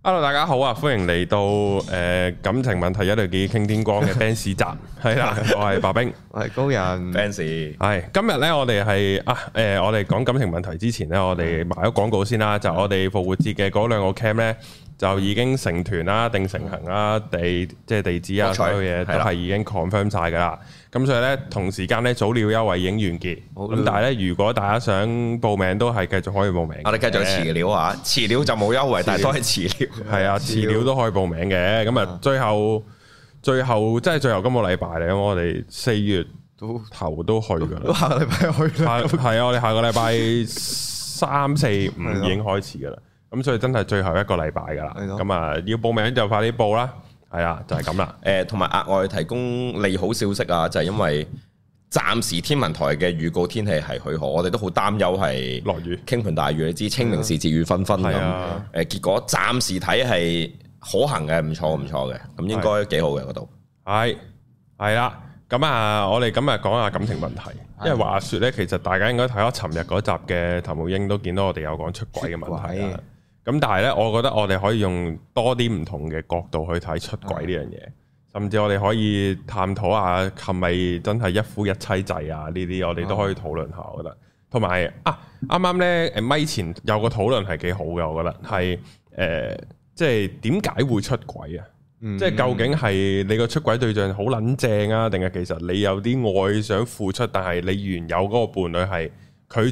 hello，大家好啊，歡迎嚟到誒、呃、感情問題一度見傾天光嘅 Benz 站，係啦， 我係白冰，我係高人 fans，係今日咧，我哋係啊誒、呃，我哋講感情問題之前咧，我哋埋咗廣告先啦，就是、我哋復活節嘅嗰兩個 camp 咧，就已經成團啦，定成行啦，地即係地址啊，彩所有嘢都係已經 confirm 晒噶啦。咁所以咧，同時間咧，早鳥優惠已經完結。咁的但係咧，如果大家想報名，都係繼續可以報名。我哋、啊、繼續遲鳥啊！遲鳥就冇優惠，但係都係遲鳥。係啊，遲鳥都可以報名嘅。咁料啊最，最後最後即係最後今個禮拜咧，因為我哋四月都頭都去噶啦。都都下個禮拜去係下樣啊！我哋下個禮拜三四五已經開始噶啦。咁的所以真係最後一個禮拜噶啦。咁啊的，要報名就快啲報啦。係啊，就係咁啦。誒、呃，同埋額外提供利好消息啊，就係、是、因為暫時天文台嘅預告天氣係許可，我哋都好擔憂係落雨、傾盆大雨。你知清明時節雨紛紛，係啊。誒，結果暫時睇係可行嘅，唔錯唔錯嘅，咁應該幾好嘅嗰度。係係啦，咁啊，裡啊啊我哋今日講下感情問題。啊、因為話說咧，其實大家應該睇咗尋日嗰集嘅譚詠英都見到我哋有講出軌嘅問題。咁但係咧，我覺得我哋可以用多啲唔同嘅角度去睇出軌呢樣嘢，甚至我哋可以探討下係咪真係一夫一妻制啊？呢啲我哋都可以討論下，我覺得。同埋啊，啱啱咧咪前有個討論係幾好嘅，我覺得係誒、呃，即係點解會出軌啊？嗯嗯，即係究竟係你個出軌對象好撚正啊，定係其實你有啲愛想付出，但係你原有嗰個伴侶係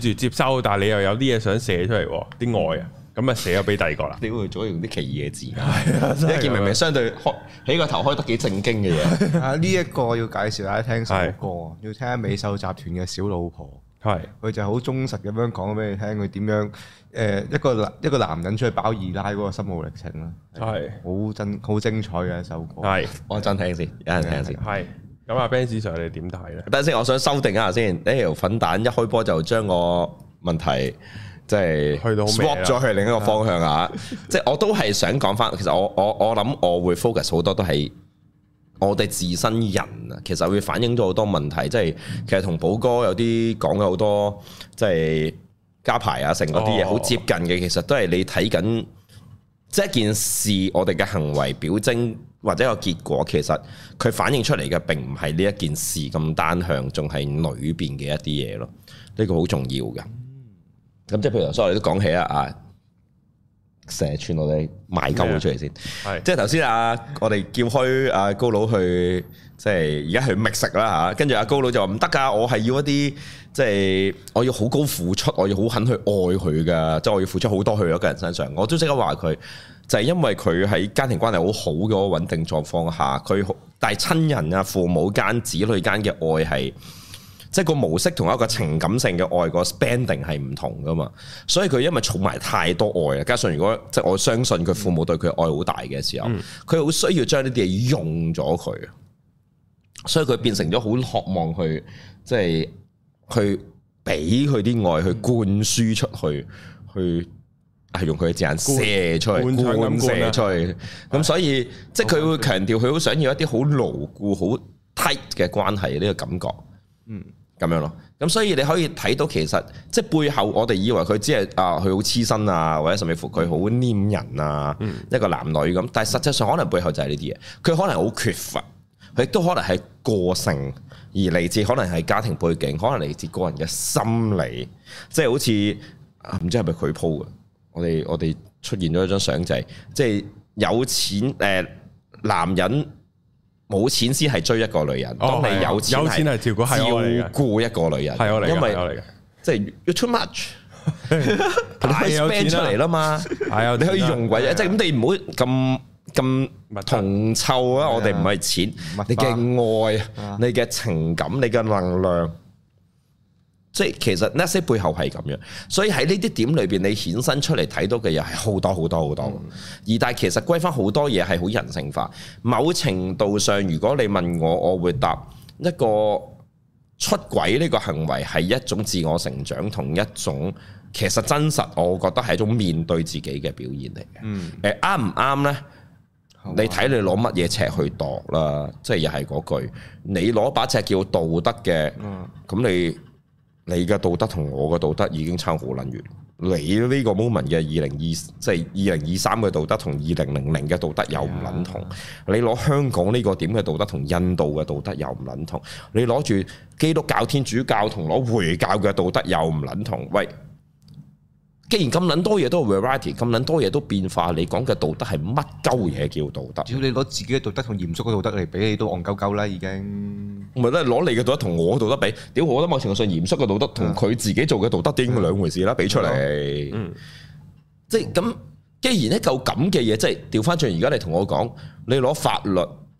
拒絕接收，但係你又有啲嘢想寫出嚟喎，啲愛啊～、嗯咁啊，寫咗俾第二個啦！點會仲用啲奇異嘅字？係一件明明，相對開起個頭，開得幾正經嘅嘢 啊！呢、這、一個要介紹大家聽首歌是要聽下美秀集團嘅小老婆。係佢是就好忠實咁樣講俾你聽，佢點樣誒一個男一個男人出去包二奶嗰個心路歷程啦。係好是是真好精彩嘅一首歌。係是是我真聽先，有人聽先。係咁啊 Benz sir 你點睇咧？等陣先，我想修訂一下先。哎，粉蛋一開波就將個問題。即係 swap 咗去另一個方向啊！ 即係我都係想講翻，其實我我我諗我會 focus 好多都係我哋自身人啊，其實會反映咗好多問題。即係其實同寶哥有啲講嘅好多，即係加排啊成，成嗰啲嘢好接近嘅。其實都係你睇緊即係一件事，我哋嘅行為表徵或者個結果，其實佢反映出嚟嘅並唔係呢一件事咁單向，仲係裏邊嘅一啲嘢咯。呢個好重要嘅。咁即係譬如，所以我哋都講起啦，啊，成日串我哋賣金嘅出嚟先，即係頭先啊，是的 我哋叫開阿高佬去，即係而家去覓食啦嚇，跟住阿高佬就話唔得噶，我係要一啲，即係我要好高付出，我要好肯去愛佢噶，即係我要付出好多去一個人身上。我都即刻話佢，就係因為佢喺家庭關係好好嘅穩定狀況下，佢但係親人啊、父母間、子女間嘅愛係。即係個模式同一個情感性嘅愛個 spending 係唔同噶嘛，所以佢因為儲埋太多愛啊，加上如果即係我相信佢父母對佢愛好大嘅時候，佢好、嗯、需要將呢啲嘢用咗佢，所以佢變成咗好渴望去即係去俾佢啲愛去灌輸出去，去係用佢嘅字眼射出去，灌，灌，灌，灌，灌射出嚟。咁、啊、所以即係佢會強調佢好想要一啲好牢固、好 tight 嘅關係呢、呢個感覺，嗯。咁樣咯，咁所以你可以睇到，其實即係背後我哋以為佢只係啊，佢好黐身啊，或者甚至乎佢好黏人啊，嗯、一個男女咁，但係實際上可能背後就係呢啲嘢，佢可能好缺乏，佢亦都可能係個性而嚟自可能係家庭背景，可能嚟自個人嘅心理，即係好似唔知係咪佢 po 嘅，我哋我哋出現咗一張相就係即係有錢誒、呃、男人。冇錢先係追一個女人，當你有錢係照顧一個女人，係我嚟嘅，因為即係 you too much，你可以 spend 出嚟啦嘛，係啊，你可以用鬼嘢，即係咁，你唔好咁咁同臭啊，我哋唔係錢，你嘅愛，你嘅情感，你嘅能量。.即係其實那些背後係咁樣，所以喺呢啲點裏邊，你衍生出嚟睇到嘅嘢係好多好多好多。而但係其實歸翻好多嘢係好人性化。某程度上，如果你問我，我會答一個出軌呢個行為係一種自我成長同一種，其實真實我覺得係一種面對自己嘅表現嚟嘅。嗯。誒，啱唔啱呢？好好你睇你攞乜嘢尺去度啦，即係又係嗰句，你攞把尺叫道德嘅，嗯，咁你。你嘅道德同我嘅道德已經差好撚遠，你呢個 moment 嘅二零二即係二零二三嘅道德同二零零零嘅道德又唔撚同，Yeah. 同，你攞香港呢個點嘅道德同印度嘅道德又唔撚同，你攞住基督教天主教同攞回教嘅道德又唔撚同，喂！既然咁捻多嘢都 variety，咁捻多嘢都變化，你講嘅道德係乜鳩嘢叫道德？只要你攞自己嘅道德同嚴肅嘅道德嚟比，你都戇鳩鳩啦，已經。唔係都係攞你嘅道德同我嘅道德比？屌，我覺得某程度上，嚴肅嘅道德同佢自己做嘅道德點，咁兩、嗯、回事啦，嗯、比出嚟。嗯、即係咁，既然一嚿咁嘅嘢，即係調翻轉，而家你同我講，你攞法律、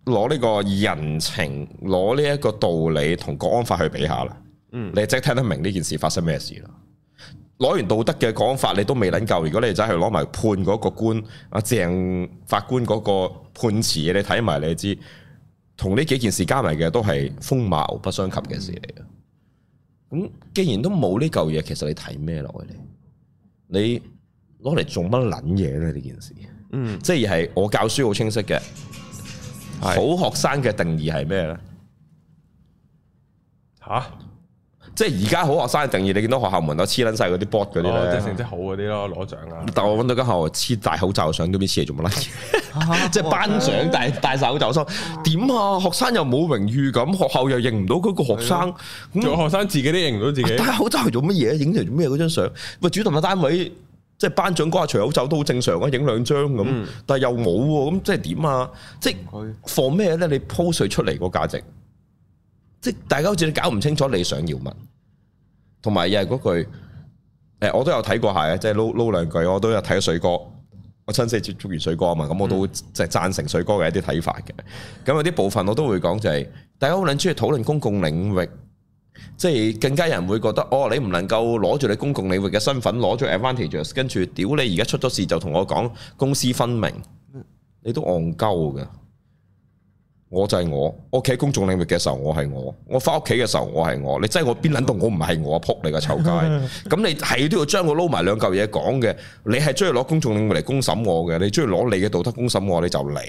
攞呢個人情、攞呢一個道理，同國安法去比下啦。嗯、你即係聽得明呢件事發生咩事啦？攞完道德嘅講法，你都未撚夠。如果你就係攞埋判嗰個官，阿鄭法官嗰個判詞，你睇埋你知，同呢幾件事加埋嘅都係風馬牛不相及嘅事嚟。咁、嗯、既然都冇呢嚿嘢，其實你睇咩落去？你？你攞嚟做乜撚嘢咧？呢件事，嗯，即係我教書好清晰嘅，好學生嘅定義係咩咧？吓是？即係而家好學生嘅定義，你見到學校門口黐撚曬嗰啲 board 嗰啲咧，哦、即係成績好嗰啲咯，攞獎啦、啊。但我揾到間學校黐大口罩嘅相，咁黐嚟做乜咧？啊、 即係頒獎，但戴曬口罩，點 啊？學生又冇榮譽，咁學校又認唔到嗰個學生，仲有學生自己都認唔到自己。戴、嗯、口罩係做乜嘢？影嚟做咩？嗰張相，喂，主辦嘅單位即係頒獎嗰下除口罩都好正常啊，影兩張咁，嗯、但係又冇喎，咁即係點啊？即係放咩咧？你鋪水出嚟個價值。即大家好似你搞唔清楚你想要乜，同埋又係嗰句，誒，我都有睇過下嘅，即係撈撈兩句，我都有睇水哥，我親身接觸完水哥啊嘛，咁我都會即係贊成水哥嘅一啲睇法嘅，咁有啲部分我都會講就係、是，大家好撚出去討論公共領域，即係更加人會覺得，哦，你唔能夠攞住你公共領域嘅身份攞住 advantages，跟住屌你而家出咗事就同我講公私分明，你都戇鳩㗎。我就係我，我企喺公眾領域嘅時候，我係我；我翻屋企嘅時候，我係我。你真係我邊諗到我唔係我仆你個臭街？咁你係都要將我撈埋兩嚿嘢講嘅？你係中意攞公眾領域嚟公審我嘅？你中意攞你嘅道德公審我，你就嚟。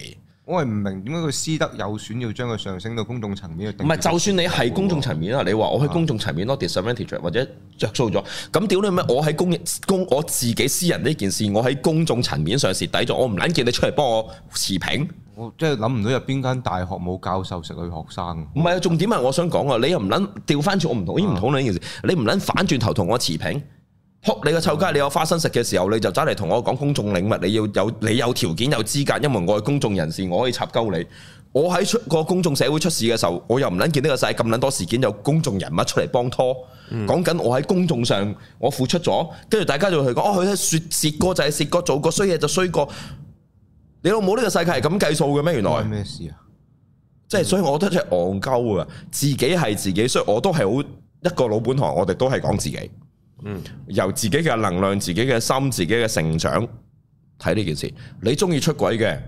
我係唔明點解佢私德有損要將佢上升到公眾層面？唔係，就算你係公眾層面啦，你話我喺公眾層面攞、啊、disadvantage 或者着數咗，咁屌你咩？我喺公公我自己私人呢件事，我喺公眾層面上蝕底咗，我唔捻見你出嚟幫我持平。我即係諗唔到有邊間大學冇教授食女學生。唔係啊，重點係我想講啊，你又唔捻調翻轉，我唔同已經唔妥啦呢件事。你唔捻反轉頭同我持平，撲、嗯、你個臭街！你有花生食嘅時候，你就走嚟同我講公眾領物。你要有你有條件有資格，因為我係公眾人士，我可以插鳩你。我喺出個公眾社會出事嘅時候，我又唔捻見呢個世咁捻多事件有公眾人物出嚟幫拖，講緊、嗯、我喺公眾上我付出咗，跟住大家就去講哦，佢係說蝕過就係蝕過，做過衰嘢就衰過。你老母呢個世界係咁計數嘅咩？原來為咩事啊？即係所以我覺得即係戇鳩啊！自己係自己，所以我都係好一個老本行。我哋都係講自己，嗯，由自己嘅能量、自己嘅心、自己嘅成長睇呢件事。你中意出軌嘅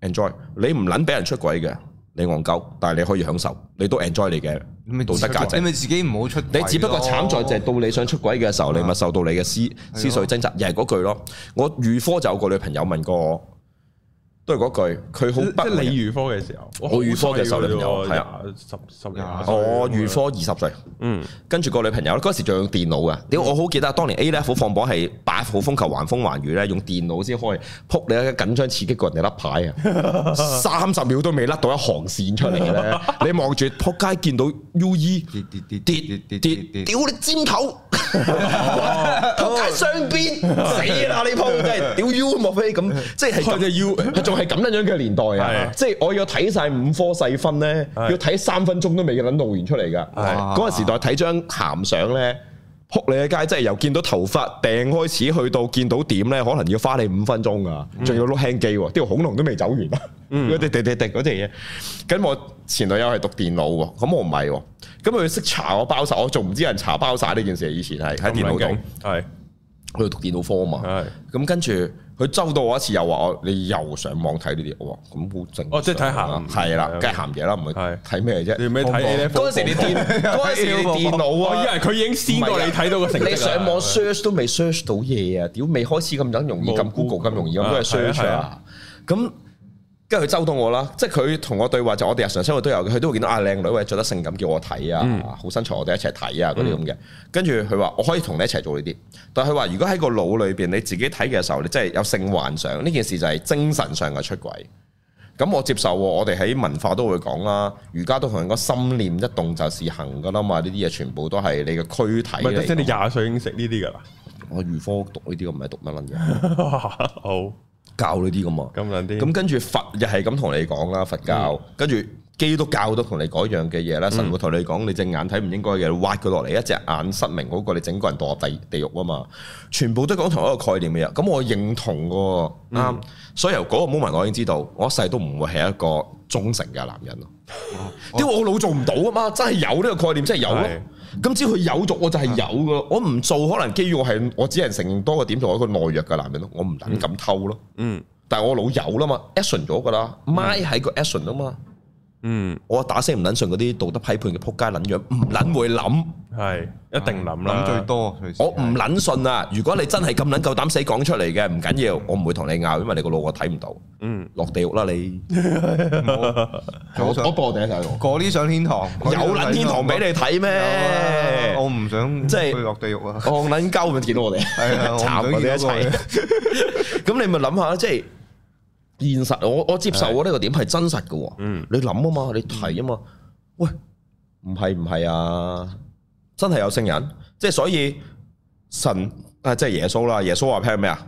enjoy，你唔捻俾人出軌嘅，你戇鳩，但係你可以享受，你都 enjoy 你嘅。你咪自，自己唔好出。你只不過慘在就係到你想出軌嘅時候，你咪受到你嘅思思緒掙扎。又係嗰句咯，我預科就有個女朋友問過我。都係嗰句，佢好不理預科嘅時候，我預科嘅時候女朋友係啊，十十，哦，預科二十歲，嗯，跟住個女朋友咯，嗰時仲用電腦噶，屌我好記得當年 A Level 放榜係八號風球橫風橫雨咧，用電腦先開撲你，緊張刺激過人哋甩牌啊，三十秒都未甩到一行線出嚟，你望住撲街見到 U E 跌跌跌跌跌，屌你尖頭，撲街雙邊，死啦你鋪真係，屌 U 莫非咁，即係咁嘅 U。係咁樣樣嘅年代啊！即係我要睇晒五科細分咧，啊、要睇三分鐘都未夠撚 load 完出嚟噶。嗰個、啊、時代睇張鹹相咧，扑你嘅街，真係由見到頭髮掟開始去到見到點咧，可能要花你五分鐘噶，仲要碌 hand 機，啲、嗯、恐龍都未走完呵呵嗯嗯、嗯、啊！嗰滴滴滴隻嘢。咁我前女友係讀電腦喎，咁我唔係喎，咁佢識查我包晒，我仲唔知人查包晒呢件事。以前係喺不電腦度，係佢是是讀電腦科啊嘛。咁跟住。佢周到我一次又話我，你又上網睇呢啲，哇咁好正！我即係睇鹹，係啦，梗係鹹嘢啦，唔會睇咩啫？你咩睇？嗰陣時你電，嗰陣時你電腦啊，以為佢已經先過你睇到個成績，你上網 search 都未 search 到嘢啊！屌，未開始咁等容易撳 Google 咁容易咁都係 search 啊！咁。即係佢周到我啦，即係佢同我對話就是、我哋日常生活都有嘅，佢都會見到啊靚女或者着得性感叫我睇啊，好身、嗯、材我哋一齊睇啊嗰啲咁嘅。嗯、跟住佢話我可以同你一齊做呢啲，但係佢話如果喺個腦裏邊你自己睇嘅時候，你真係有性幻想，呢件事就係精神上嘅出軌。咁我接受，我哋喺文化都會講啦，儒家都同人講心念一動就是行噶啦嘛，呢啲嘢全部都係你嘅軀體。唔係即你廿歲已經識呢啲噶啦？我預科讀呢啲咁唔係讀乜撚嘢？ 好。教呢啲咁嘛，咁跟住佛又係咁同你講啦，佛教跟住基督教都同你講一樣嘅嘢啦，神會同你講，你隻眼睇唔應該嘅，你挖佢落嚟，一隻眼失明嗰個，你整個人墮入地獄啊嘛，全部都講同一個概念嘅嘢，咁我認同嘅，啱、嗯，所以由嗰個 moment 我已經知道，我一世都唔會係一個忠誠嘅男人咯，因為、哦哦、我老做唔到啊嘛，真係有呢個概念，真係有咁只要佢有做我就係有噶，我唔做可能基於我係我只能承認多個點做一個懦弱嘅男人咯，我唔敢咁偷咯。嗯，但係我老友啦嘛，action 咗噶啦，埋喺個 action 啊嘛。嗯，我打死唔捻信嗰啲道德批判嘅扑街捻樣，唔捻會諗，係一定諗諗最多。我唔捻信啊！如果你真係咁捻夠膽死講出嚟嘅，唔緊要，我唔會同你拗，因為你個腦我睇唔到。嗯，落地獄啦你，我我播第一集過啲上天堂，有捻天堂俾你睇咩？我唔想即係落地獄啊！我捻鳩咪見到我哋，慘死一齊。咁你咪諗下啦，即係。現實我我接受我呢個點係真實噶，嗯，你諗啊嘛，你睇啊嘛，嗯，喂，唔係唔係啊，真係有聖人，即係所以神啊，即係耶穌啦，耶穌話聽咩啊？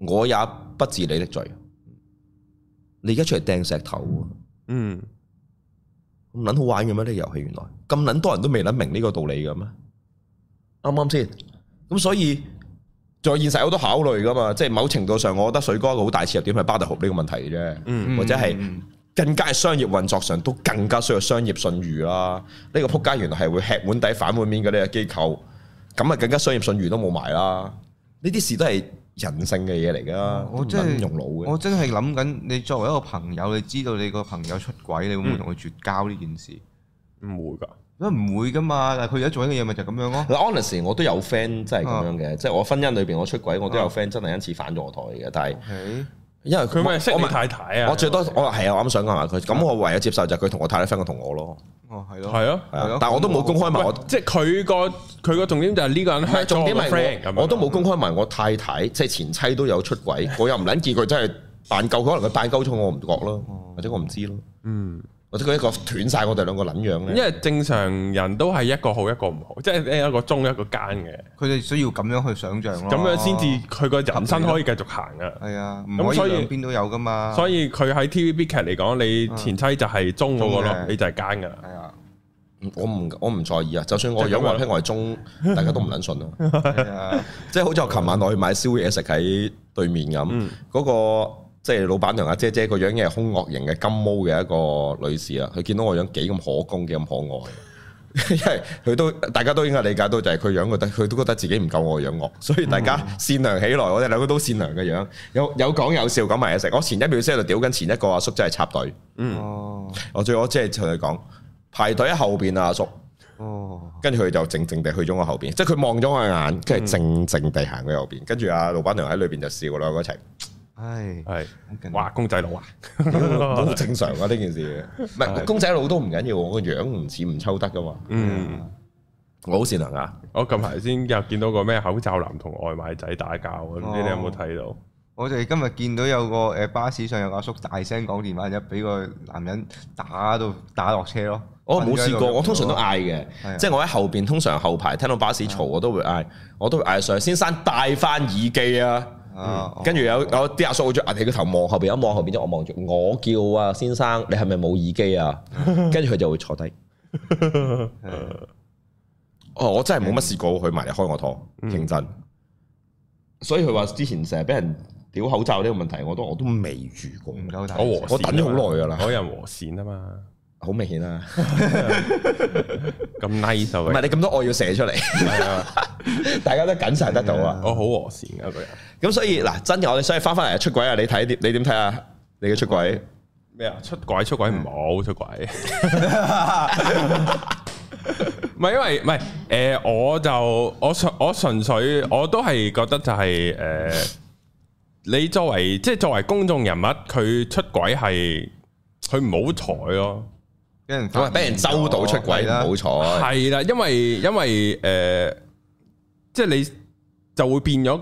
我也不治你的罪，你而家出嚟掟石頭啊，嗯，咁諗好玩嘅咩？呢個遊戲原來咁諗，多人都未諗明呢個道理嘅咩？啱啱先，咁，嗯，所以。在現實好多考慮噶嘛，即係某程度上，我覺得水哥一個好大切入點係巴特豪呢個問題啫，嗯、或者係更加係商業運作上都更加需要商業信譽啦。呢個撲街原來係會吃碗底反碗面嘅呢個機構，咁啊更加商業信譽都冇埋啦。呢啲事都係人性嘅嘢嚟噶，我真係用腦嘅。我真係諗緊，你作為一個朋友，你知道你個朋友出軌，你會唔會同佢絕交呢件事？嗯。唔會噶，咁唔會噶嘛？但係佢而家做緊嘅嘢咪就咁樣咯。嗱 Honest 我都有 friend 真係咁樣嘅，即係我婚姻裏邊我出軌，我都有 friend 真係因此反咗我台嘅。但係因為佢咪識我太太啊，我最多我係啊，我啱想講下佢。咁我唯有接受就係佢同我太太分過同我咯。哦，係咯，係咯，係咯。但係我都冇公開埋，我。即係佢個佢個重點就係呢個人係重點係我，我都冇公開埋我太太即係前妻都有出軌，我又唔捻見佢真係扮鳩，可能佢扮鳩錯我唔覺咯，或者我唔知咯，嗯。即佢一個斷晒我哋兩個撚樣咧，因為正常人都係一個好一個唔好，即係一個中一個奸嘅，佢哋需要咁樣去想象咯，咁樣先至佢個人生可以繼續行㗎。係啊、哦，咁所以兩邊都有噶嘛。所以佢喺 TVB 劇嚟講，你前妻就係中嗰個咯，嗯、你就係奸嘅啦。係啊、嗯，我唔我唔在意啊。就算我樣話聽我係中， 大家都唔撚信咯。係啊，即係好似我琴晚我去買宵夜食喺對面咁，嗯，嗰個。即係老闆娘，阿姐姐個樣嘅係凶惡型嘅金毛嘅一個女士啦，佢見到我樣幾咁可攻，幾咁可愛。因為佢都大家都應該理解到就係佢樣佢得佢都覺得自己唔夠我樣惡，所以大家善良起來，我哋兩個都善良嘅樣，有有講有笑講埋一齊。我前一秒先喺度屌緊前一個阿叔，真係插隊。嗯，我最後即係同佢講，排隊喺後邊啊，阿叔。哦，跟住佢就靜靜地去咗我後邊，即係佢望咗我眼，跟住靜靜地行去後邊，跟住阿老闆娘喺裏邊就笑啦，兩個一齊。係係，哇！公仔佬啊，正常啊，呢件事，唔係公仔佬都唔緊要，我個樣唔似唔抽得噶嘛。嗯，我好善良啊！我近排先又見到個咩口罩男同外賣仔打交，唔知你有冇睇到？我哋今日見到有個誒巴士上有阿叔大聲講電話，一俾個男人打到打落車咯。我冇試過，我通常都嗌嘅，即係我喺後邊通常後排聽到巴士嘈，我都會嗌，我都嗌上先生戴翻耳機啊！啊！跟、哦、住有有啲阿叔會著岌起個頭望後邊，一望後邊，我望住我叫啊，先生，你係咪冇耳機啊？跟住佢就會坐低。 哦，我真係冇乜試過佢埋嚟開我堂，認真。 所以佢話之前成日俾人屌口罩呢個問題，我都我都未遇過。我我等咗好耐噶啦，我人和善啊，和善嘛。好明顯啊，咁 nice 就唔係你咁多我要寫出嚟，啊、大家都感受得到啊。我好和善嘅，咁所以嗱，真嘅，我哋所以翻翻嚟出軌啊！你睇你點睇啊？你嘅出軌咩啊？出軌出軌唔好出軌，唔 係 因為唔係誒，我就我純我純粹我都係覺得就係、是、誒、呃，你作為即係、就是、作為公眾人物，佢出軌係佢唔好彩咯。俾人，俾人周到出軌啦，冇錯的。係啦錯，因為因為誒、呃，即係你就會變咗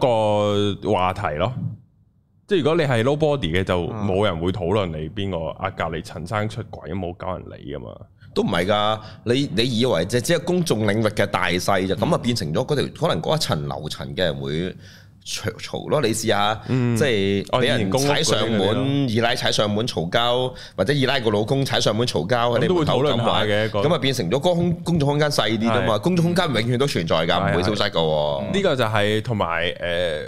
個話題咯。即係如果你係 nobody 嘅，就冇人會討論你邊個阿隔籬陳生出軌，冇搞人理噶嘛。都唔係噶，你你以為即係係公眾領域嘅大細就咁啊？變成咗嗰條可能嗰一層樓層嘅人會。嘈咯，你試下，即係俾人踩上門，二奶踩上門嘈交，或者二奶個老公踩上門嘈交，你都會討論埋嘅。咁啊，那個、變成咗個空工作空間細啲啊嘛，的工作空間永遠都存在㗎，唔的會消失噶。呢、這個就係同埋誒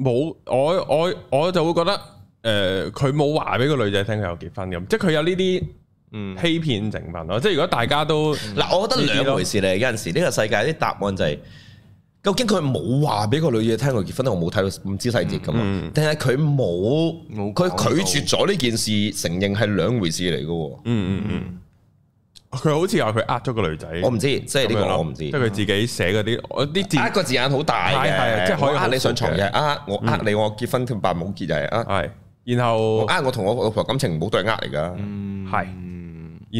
冇我我我就會覺得誒佢冇話俾個女仔聽佢有結婚㗎，即係佢有呢啲嗯欺騙成分咯。嗯、即係如果大家都嗱、嗯，我覺得兩回事咧。有陣時呢個世界啲答案就係、是。究竟佢冇話俾個女仔聽佢結婚，我冇睇到唔知細節噶嘛。定係佢冇，佢拒絕咗呢件事，承認係兩回事嚟噶、嗯。嗯嗯、就是、嗯，佢好似話佢呃咗個女仔，我唔知，即係呢個我唔知，即係佢自己寫嗰啲，我啲字呃個字眼好大嘅，即係、就是、可以呃你上床嘅，呃我呃你我結婚同白冇結就係啊，係然後呃我同我，我老婆感情唔好都係呃嚟噶，係、嗯。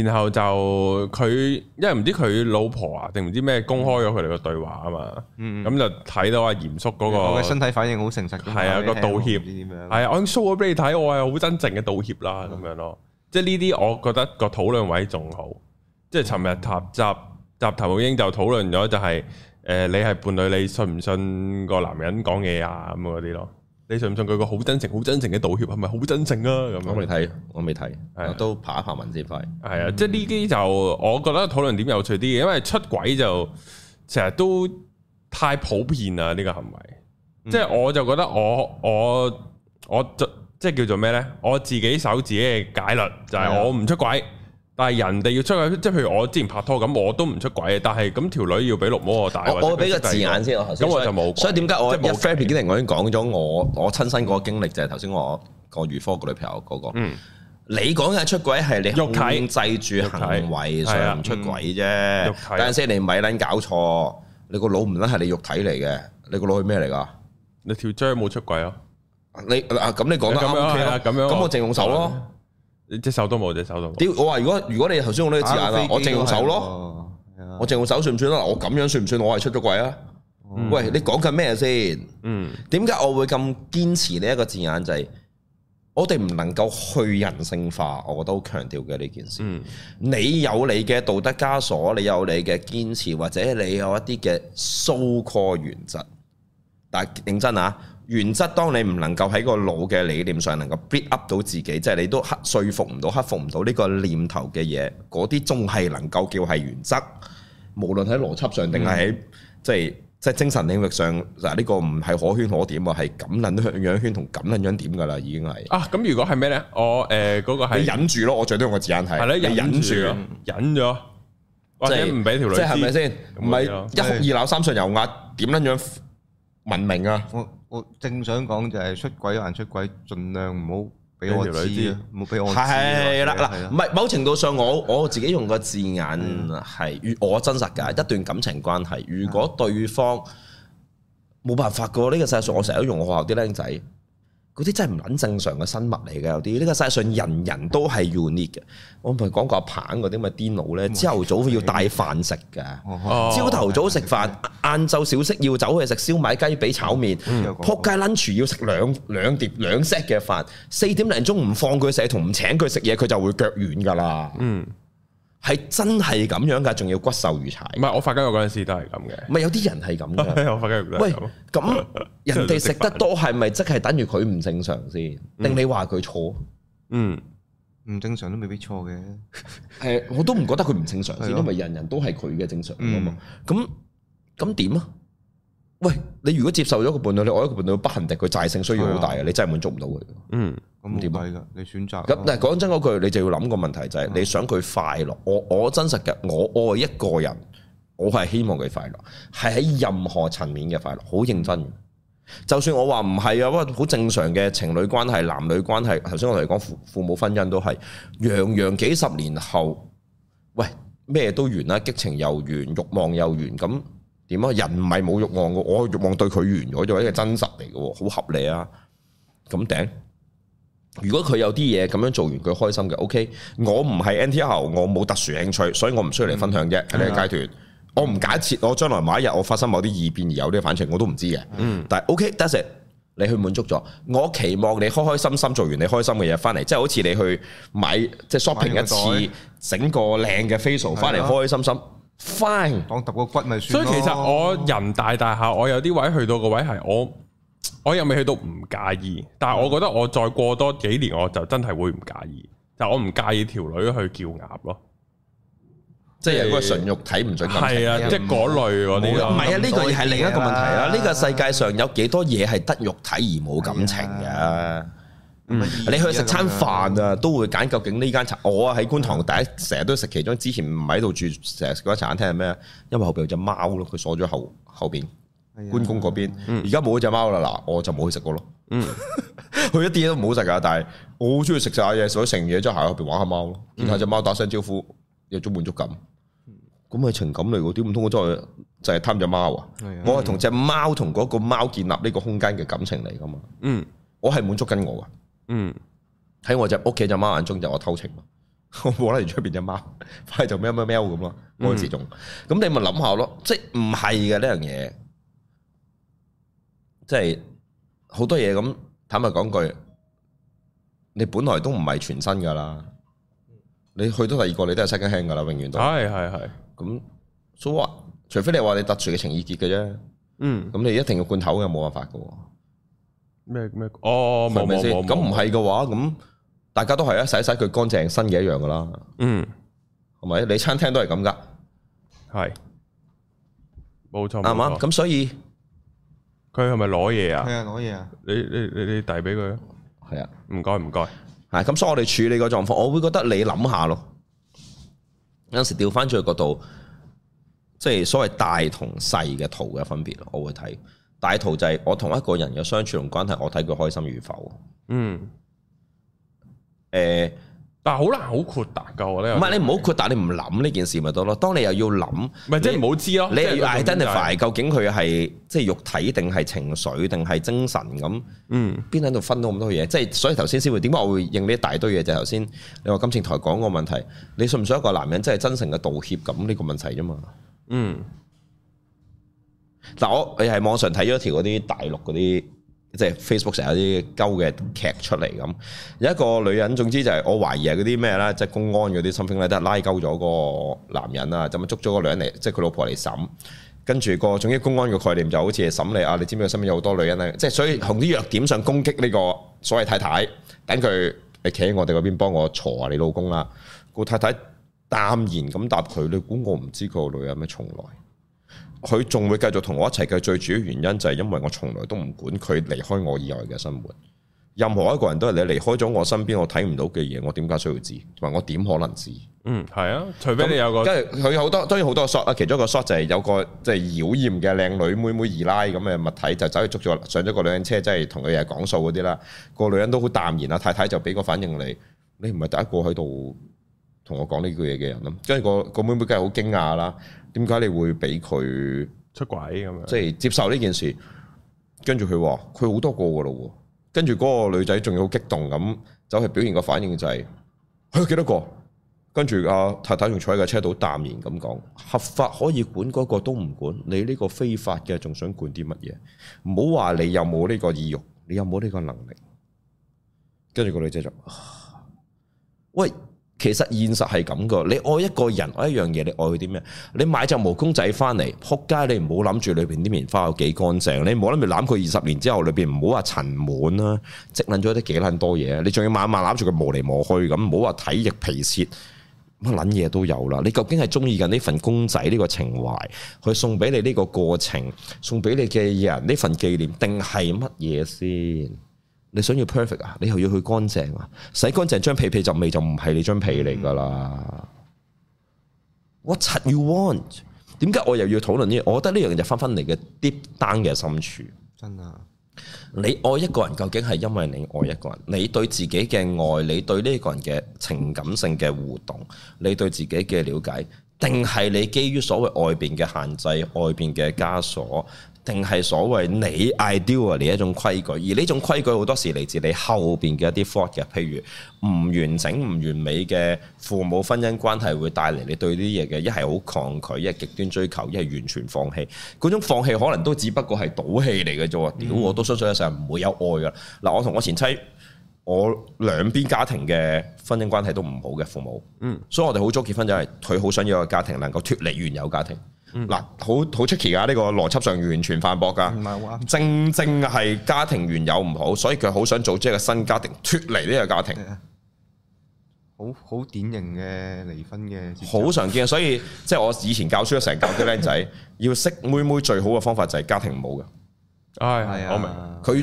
然後就佢，因為唔知佢老婆啊定唔知咩公開咗佢哋個對話啊嘛，咁、嗯、就睇到阿嚴叔嗰、那個、嗯、我嘅身體反應好誠實，係啊話個道歉點樣，係啊 show see, 我 show 咗俾你睇，我係好真正嘅道歉啦咁、嗯、樣咯，即係呢啲我覺得個討論位仲好，嗯、即係尋日集集集頭英就討論咗就係、是，誒、呃、你係伴侶你信唔信個男人講嘢啊咁嗰啲咯。你信唔信佢個好真誠、好真誠嘅道歉啊？係咪好真誠啊？咁我未睇，我未睇，係我都爬一爬文先快。係啊，即係呢啲就我覺得討論點有趣啲嘅，因為出軌就成日都太普遍啦呢個行為。即係、嗯、我就覺得我我我即係叫做咩咧？我自己守自己嘅戒律，就係我唔出軌。但係人哋要出軌，即係譬如我之前拍拖咁，我都唔出軌嘅。但係咁條女要俾綠帽我戴，我俾個字眼先。咁我就冇。所以點解我一翻俾啲人講咗我我親身嗰個經歷，就係頭先我個預科個女朋友嗰個。嗯，你講嘅出軌係你肉體制住行為上出軌啫。但係些你咪撚搞錯，你個腦唔撚係你肉體嚟嘅，你個腦係咩嚟㗎？你條脹冇出軌啊？你啊，咁你講啦，咁樣咁我淨用手咯。你隻手都冇，隻手都冇。屌，我話如果如果你頭先用呢個字眼啊，我淨用手咯，的我淨用手算唔算啦？我咁樣算唔算？我係出咗軌啊？嗯、喂，你講緊咩先？嗯，點解我會咁堅持呢一個字眼？就係、是、我哋唔能夠去人性化，我覺得好強調嘅呢件事、嗯你你。你有你嘅道德枷鎖，你有你嘅堅持，或者你有一啲嘅 so call 原則。但係認真啊！原則，當你唔能夠喺個腦嘅理念上能夠 build up 到自己，即係你都克説服唔到、克服唔到呢個念頭嘅嘢，嗰啲仲係能夠叫係原則。無論喺邏輯上定係喺即係即係精神領域上，嗱呢個唔係可圈可點啊，係咁撚樣圈同咁撚樣點噶啦，已經係。啊，咁如果係咩咧？我誒嗰個係忍住咯，我最多用個字眼係，係咯，忍住，忍咗，或者唔俾條女，即係咪先？唔係一哭二鬧三上油壓，點撚樣？文明啊！我我正想講就係出軌還出軌，盡量唔好俾我知啊！唔好俾我知。係某程度上我，的我自己用個字眼係的的，我真實噶一段感情關係，如果對方冇辦法噶呢，這個世界上，我成日都用我學校啲靚仔。嗰啲真係唔撚正常嘅生物嚟嘅，有啲呢個世界上人人都係 unique 嘅。我唔係講過阿棒嗰啲咪癲佬咧，朝頭早要帶飯食嘅，朝頭早食飯，晏晝小息要走去食燒賣雞髀炒麵，撲街 lunch 要食兩兩碟兩 set 嘅飯，四點零鐘唔放佢食同唔請佢食嘢，佢就會腳軟㗎啦。嗯。係真係咁樣噶，仲要骨瘦如柴。唔係我發覺嗰陣時都係咁嘅。唔係有啲人係咁嘅。我發覺喂，咁人哋食得多係咪即係等於佢唔正常先？定你話佢錯？嗯，唔正常都未必錯嘅。誒，我都唔覺得佢唔正常先，因為人人都係佢嘅正常啊嘛。咁咁點啊？喂，你如果接受咗個伴侶，你愛一個伴侶不幸敵，佢債性需要好大嘅，你真係滿足唔到佢。嗯。咁點啊？你選擇咁，但係講真嗰句，你就要諗個問題就係，你想佢快樂？我我真實嘅，我我愛一個人，我係希望佢快樂，係喺任何層面嘅快樂，好認真。就算我話唔係啊，不過好正常嘅情侶關係、男女關係，頭先我同你講父父母婚姻都係，樣樣，幾十年後，喂咩都完啦，激情又完，慾望又完，咁點啊？人唔係冇慾望嘅，我慾望對佢完咗就係一個真實嚟嘅，好合理啊。咁頂。如果佢有啲嘢咁樣做完佢開心嘅，OK，我唔係 NTR，我冇特殊興趣，所以我唔需要嚟分享啫。喺呢個階段，嗯、我唔假設我將來某一日我發生某啲異變而有啲反常，我都唔知嘅。嗯，但係 OK，得嘅，你去滿足咗。我期望你開開心心做完你開心嘅嘢翻嚟，即係好似你去買即係 shopping 一次，整個靚嘅 facial 翻嚟開開心心、嗯、fine。我揼個骨咪算。所以其實我人大大廈，我有啲位去到個位係我。我又未去到唔介意，但係我覺得我再過多幾年，我就真係會唔介意。就係、我唔介意條女去叫鴨咯，即係如果純肉體唔上，係啊，即係嗰類嗰啲。唔係、嗯、啊，呢個係另一個問題啦、啊。呢、呢個世界上有幾多嘢係得肉體而冇感情嘅、啊？啊啊、你去食餐飯啊，都會揀究竟呢間茶。我啊喺觀塘第一，成日都食其中。之前唔喺度住，成日食嗰間茶餐廳係咩啊？因為後邊有隻貓咯，佢鎖咗後後邊。關公嗰邊，而家冇隻貓啦，嗱，我就冇去食過咯。佢一啲嘢都唔好食噶，但係我好中意食晒嘢，所以成日即係行去邊玩下貓咯。然後隻貓打聲招呼，有種滿足感。咁係情感嚟噶，點唔通我走去就係貪隻貓啊？我係同隻貓同嗰個貓建立呢個空間嘅感情嚟噶嘛？嗯，我係滿足緊我啊。嗯，喺我隻屋企隻貓眼中就我偷情，我攞嚟出邊隻貓，快就喵喵喵咁咯，我自重。咁你咪諗下咯，即係唔係嘅呢樣嘢？即係好多嘢咁，坦白講句，你本來都唔係全新噶啦，你去到第二個你都係 second hand 噶啦，永遠都係係係。咁所以話， 嗯、so, 除非你話你特殊嘅情意結嘅啫，嗯，咁你一定要罐頭嘅，冇辦法噶喎。咩咩？哦，明唔明先？咁唔係嘅話，咁大家都係一洗洗佢乾淨，新嘅一樣噶啦。嗯，係咪？你餐廳都係咁噶，係、嗯，冇錯啊嘛。咁錯錯所以。佢係咪攞嘢啊？係啊，攞嘢啊！你你你你遞俾佢咯。係啊，唔該唔該。係咁，所以我哋處理個狀況，我會覺得你諗下咯。有陣時調翻轉角度，即係所謂大同細嘅圖嘅分別。我會睇大圖就係我同一個人嘅相處同關係，我睇佢開心與否。嗯。誒、呃。但好、啊、難好闊達㗎喎！咧唔係你唔好闊達，你唔諗呢件事咪得咯？當你又要諗，唔係即係唔好知咯。你又要 identify 究竟佢係即係肉體定係情緒定係精神咁？嗯，邊喺度分到咁多嘢？即係所以頭先先會點解我會認呢一大堆嘢？就頭先你話金錢台講個問題，你信唔信一個男人即係真誠嘅道歉咁呢個問題啫嘛？嗯。嗱我你喺網上睇咗一條嗰啲大陸嗰啲。即係 Facebook 成日有啲鳩嘅劇出嚟咁，有一個女人，總之就係我懷疑係嗰啲咩咧，即係公安嗰啲 something 咧，都係拉鳩咗個男人啦，咁咪捉咗個女人嚟，即係佢老婆嚟審，跟住個總之公安嘅概念就好似審你啊！你知唔知身邊有好多女人咧？即係所以從啲弱點上攻擊呢個所謂太太，等佢企喺我哋嗰邊幫我鋤你老公啦。個太太淡然咁答佢，你估我唔知個女人咩從來？佢仲會繼續同我一齊嘅，最主要原因就係因為我從來都唔管佢離開我以外嘅生活。任何一個人都係你離開咗我身邊，我睇唔到嘅嘢，我點解需要知？同埋我點可能知？嗯，係啊，除非你有個，即係佢好多，當然好多 shot 啊，其中一個 shot 就係有個即係妖艷嘅靚女妹妹二奶咁嘅物體，就走去捉咗上咗個女人車，即係同佢哋講數嗰啲啦。個女人都好淡然啊，太太就俾個反應你，你唔係第一個喺度同我講呢句嘢嘅人咯。跟住個個妹妹梗係好驚訝啦。點解你會俾佢出軌咁樣？即係接受呢件事，跟住佢話佢好多個噶咯，跟住嗰個女仔仲要好激動咁，走去表現個反應就係、是，係、哎、幾多個？跟住阿太太仲坐喺架車度淡然咁講，合法可以管嗰個都唔管，你呢個非法嘅，仲想管啲乜嘢？唔好話你有冇呢個意欲，你有冇呢個能力？跟住個女仔就喂。其實現實係咁嘅，你愛一個人愛一樣嘢，你愛佢啲咩？你買隻毛公仔翻嚟，仆街！你唔好諗住裏邊啲棉花有幾乾淨，你唔好諗住攬佢二十年之後，裏邊唔好話塵蟎啦，積撚咗啲幾撚多嘢，你仲要晚晚攬住佢磨嚟磨去咁，唔好話體液皮屑乜撚嘢都有啦。你究竟係中意緊呢份公仔呢個情懷，佢送俾你呢個過程，送俾你嘅人呢份紀念，定係乜嘢先？你想要 perfect 啊？你又要去乾淨啊？洗乾淨張被被就味就唔係你張被嚟噶啦。What you want？點解我又要討論呢？我覺得呢樣嘢就翻翻嚟嘅 deep down 嘅深處。真啊！你愛一個人究竟係因為你愛一個人？你對自己嘅愛，你對呢一個人嘅情感性嘅互動，你對自己嘅了解，定係你基於所謂外邊嘅限制、外邊嘅枷鎖？定係所謂你 ideal 嘅一種規矩，而呢種規矩好多時嚟自你後邊嘅一啲 fault 嘅，譬如唔完整、唔完美嘅父母婚姻關係會帶嚟你對呢啲嘢嘅一係好抗拒，一係極端追求，一係完全放棄。嗰種放棄可能都只不過係賭氣嚟嘅啫喎！屌、嗯，我都相信一世唔會有愛噶。嗱，我同我前妻，我兩邊家庭嘅婚姻關係都唔好嘅父母，嗯，所以我哋好早結婚就係佢好想要個家庭能夠脫離原有家庭。嗱、嗯，好好出奇啊！呢、呢個邏輯上完全犯駁噶，唔係，正正係家庭原有唔好，所以佢好想組織一個新家庭，脱離呢個家庭，嗯、好好典型嘅離婚嘅，好常見。所以即係、就是、我以前教書成日教啲僆仔， 要識妹妹最好嘅方法就係家庭冇嘅，係係啊，我明，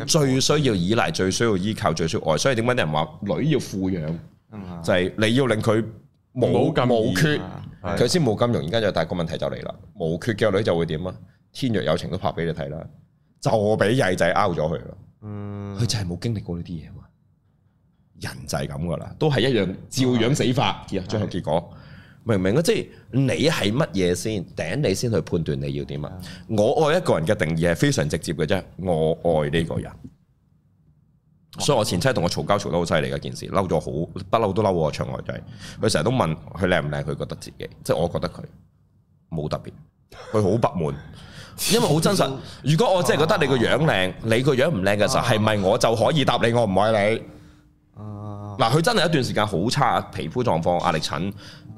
佢最需要依賴，最需要依靠，最需要愛、呃。所以點解啲人話女要富養，嗯啊、就係你要令佢冇咁冇缺。佢先冇咁容易，而家就大個問題就嚟啦，無缺嘅女就會點啊？天若有情都拍俾你睇啦，就俾曳仔 out 咗佢咯。嗯，佢就係冇經歷過呢啲嘢嘛？人就係咁噶啦，都係一樣，照樣死法，嗯啊嗯嗯、最後結果、嗯嗯嗯嗯、明唔明啊？即係你係乜嘢先，頂你先去判斷你要點啊？嗯嗯、我愛一個人嘅定義係非常直接嘅啫，我愛呢個人。所以我前妻同我嘈交嘈得好犀利嘅一件事，嬲咗好不嬲都嬲我場外仔。佢成日都問佢靚唔靚，佢覺得自己即係我覺得佢冇特別，佢好不滿，因為好真實。如果我真係覺得你個樣靚，你個樣唔靚嘅時候，係咪我就可以答你我唔愛你？嗱，啊，佢真係一段時間好差皮膚狀況、壓力疹，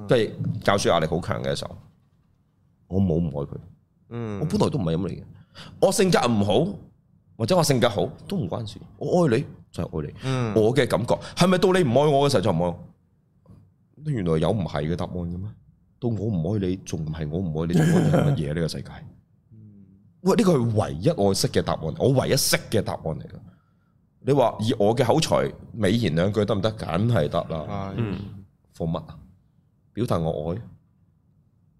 即係教書壓力好強嘅時候，我冇唔愛佢。嗯，我本來都唔係咁嚟嘅。我性格唔好或者我性格好都唔關事，我愛你。就愛你，我嘅感覺係咪到你唔愛我嘅時候就唔愛？原來有唔係嘅答案嘅咩？到我唔愛你，仲唔係我唔愛你，仲係乜嘢呢個世界？喂，呢個係唯一我識嘅答案，我唯一識嘅答案嚟噶。你話以我嘅口才，美言兩句得唔得？梗係得啦。放乜啊？嗯、表達我愛，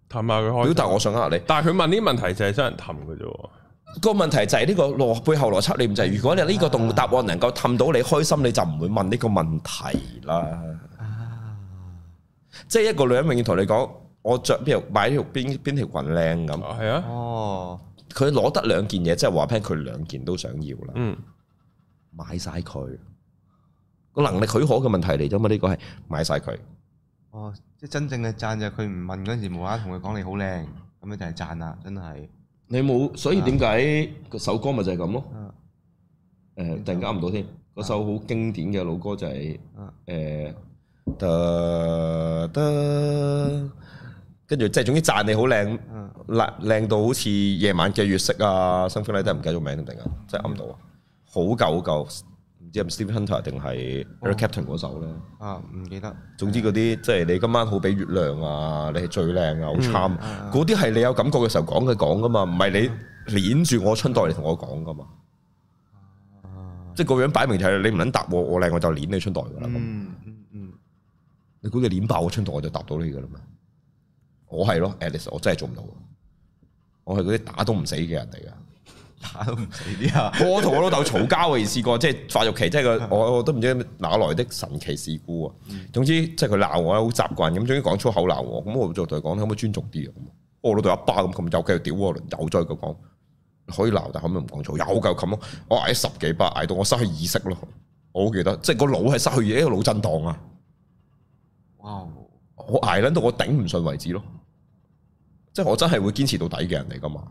氹下佢，表達我想呃你。但係佢問呢啲問題就係想人氹佢啫。個問題就係呢個邏背後邏輯，你唔就係？如果你呢個答答案能夠氹到你開心，你就唔會問呢個問題啦。啊！即係一個女人永遠同你講：我着邊條買條邊邊條裙靚咁。係啊。哦、啊，佢攞得兩件嘢，即係話俾佢兩件都想要啦。嗯，買晒佢個能力許可嘅問題嚟咗嘛？呢個係買晒佢。哦，即係真正嘅讚就係佢唔問嗰陣時，無啦啦同佢講你好靚，咁你就係讚啦，真係。你冇，所以點解、啊、首歌咪就係咁咯？誒、啊呃，突然間唔到添，啊、首好經典嘅老歌就係、是、誒、啊呃，跟住即係總之讚你好靚，靚、啊、到好似夜晚嘅月色啊 something 都係唔記得咗名定唔定啊，即係諗唔到啊，好舊好舊。好舊。知唔知 Steve Hunter 定係 Air Captain、哦、嗰首咧？啊，唔記得。總之嗰啲的即係你今晚好比月亮啊，你係最靚啊，好 charm。嗰啲係你有感覺嘅時候講嘅講噶嘛，唔係你攆住我春袋嚟同我講噶嘛。嗯、即係個樣擺明就係你唔撚答我，我靚我就攆你春袋噶啦。嗯嗯嗯，你估你捻爆我春袋我就答到你噶啦咩？我係咯，Alice，我真係做唔到。我係嗰啲打都唔死嘅人嚟噶。我同我老豆嘈交，我而試過，即係發育期，即係個我我都唔知哪來的神奇事故啊！總之即係佢鬧我，好習慣咁。終於講粗口鬧我，咁我就同佢講：你可唔可以尊重啲啊？我老豆一巴咁，咁又繼續屌我輪，又再講可以鬧，但係可唔可以唔講粗？又夠咁咯！我挨咗十幾巴，挨到我失去意識咯。我好記得，即係個腦係失去嘢，個腦震盪啊！哇！我挨撚到我頂唔順為止咯，即係我真係會堅持到底嘅人嚟噶嘛！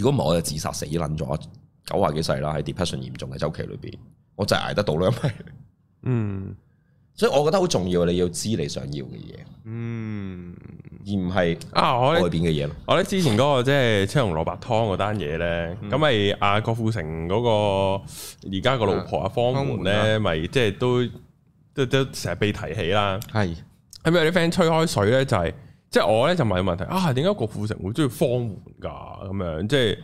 如果唔係我就自殺死撚咗九廿幾世啦，喺 depression 嚴重嘅周期裏邊，我就係捱得到啦。因為嗯，所以我覺得好重要，你要知你想要嘅嘢，嗯，而唔係啊外邊嘅嘢咯。我咧之前嗰個即係青紅蘿蔔湯嗰單嘢咧，咁咪阿郭富城嗰個而家個老婆阿方媛咧，咪即係都都都成日被提起啦。係咪有啲 friend 吹開水咧就係、是。即係我咧就問問題啊，點解郭富城會中意方媛噶咁樣？即係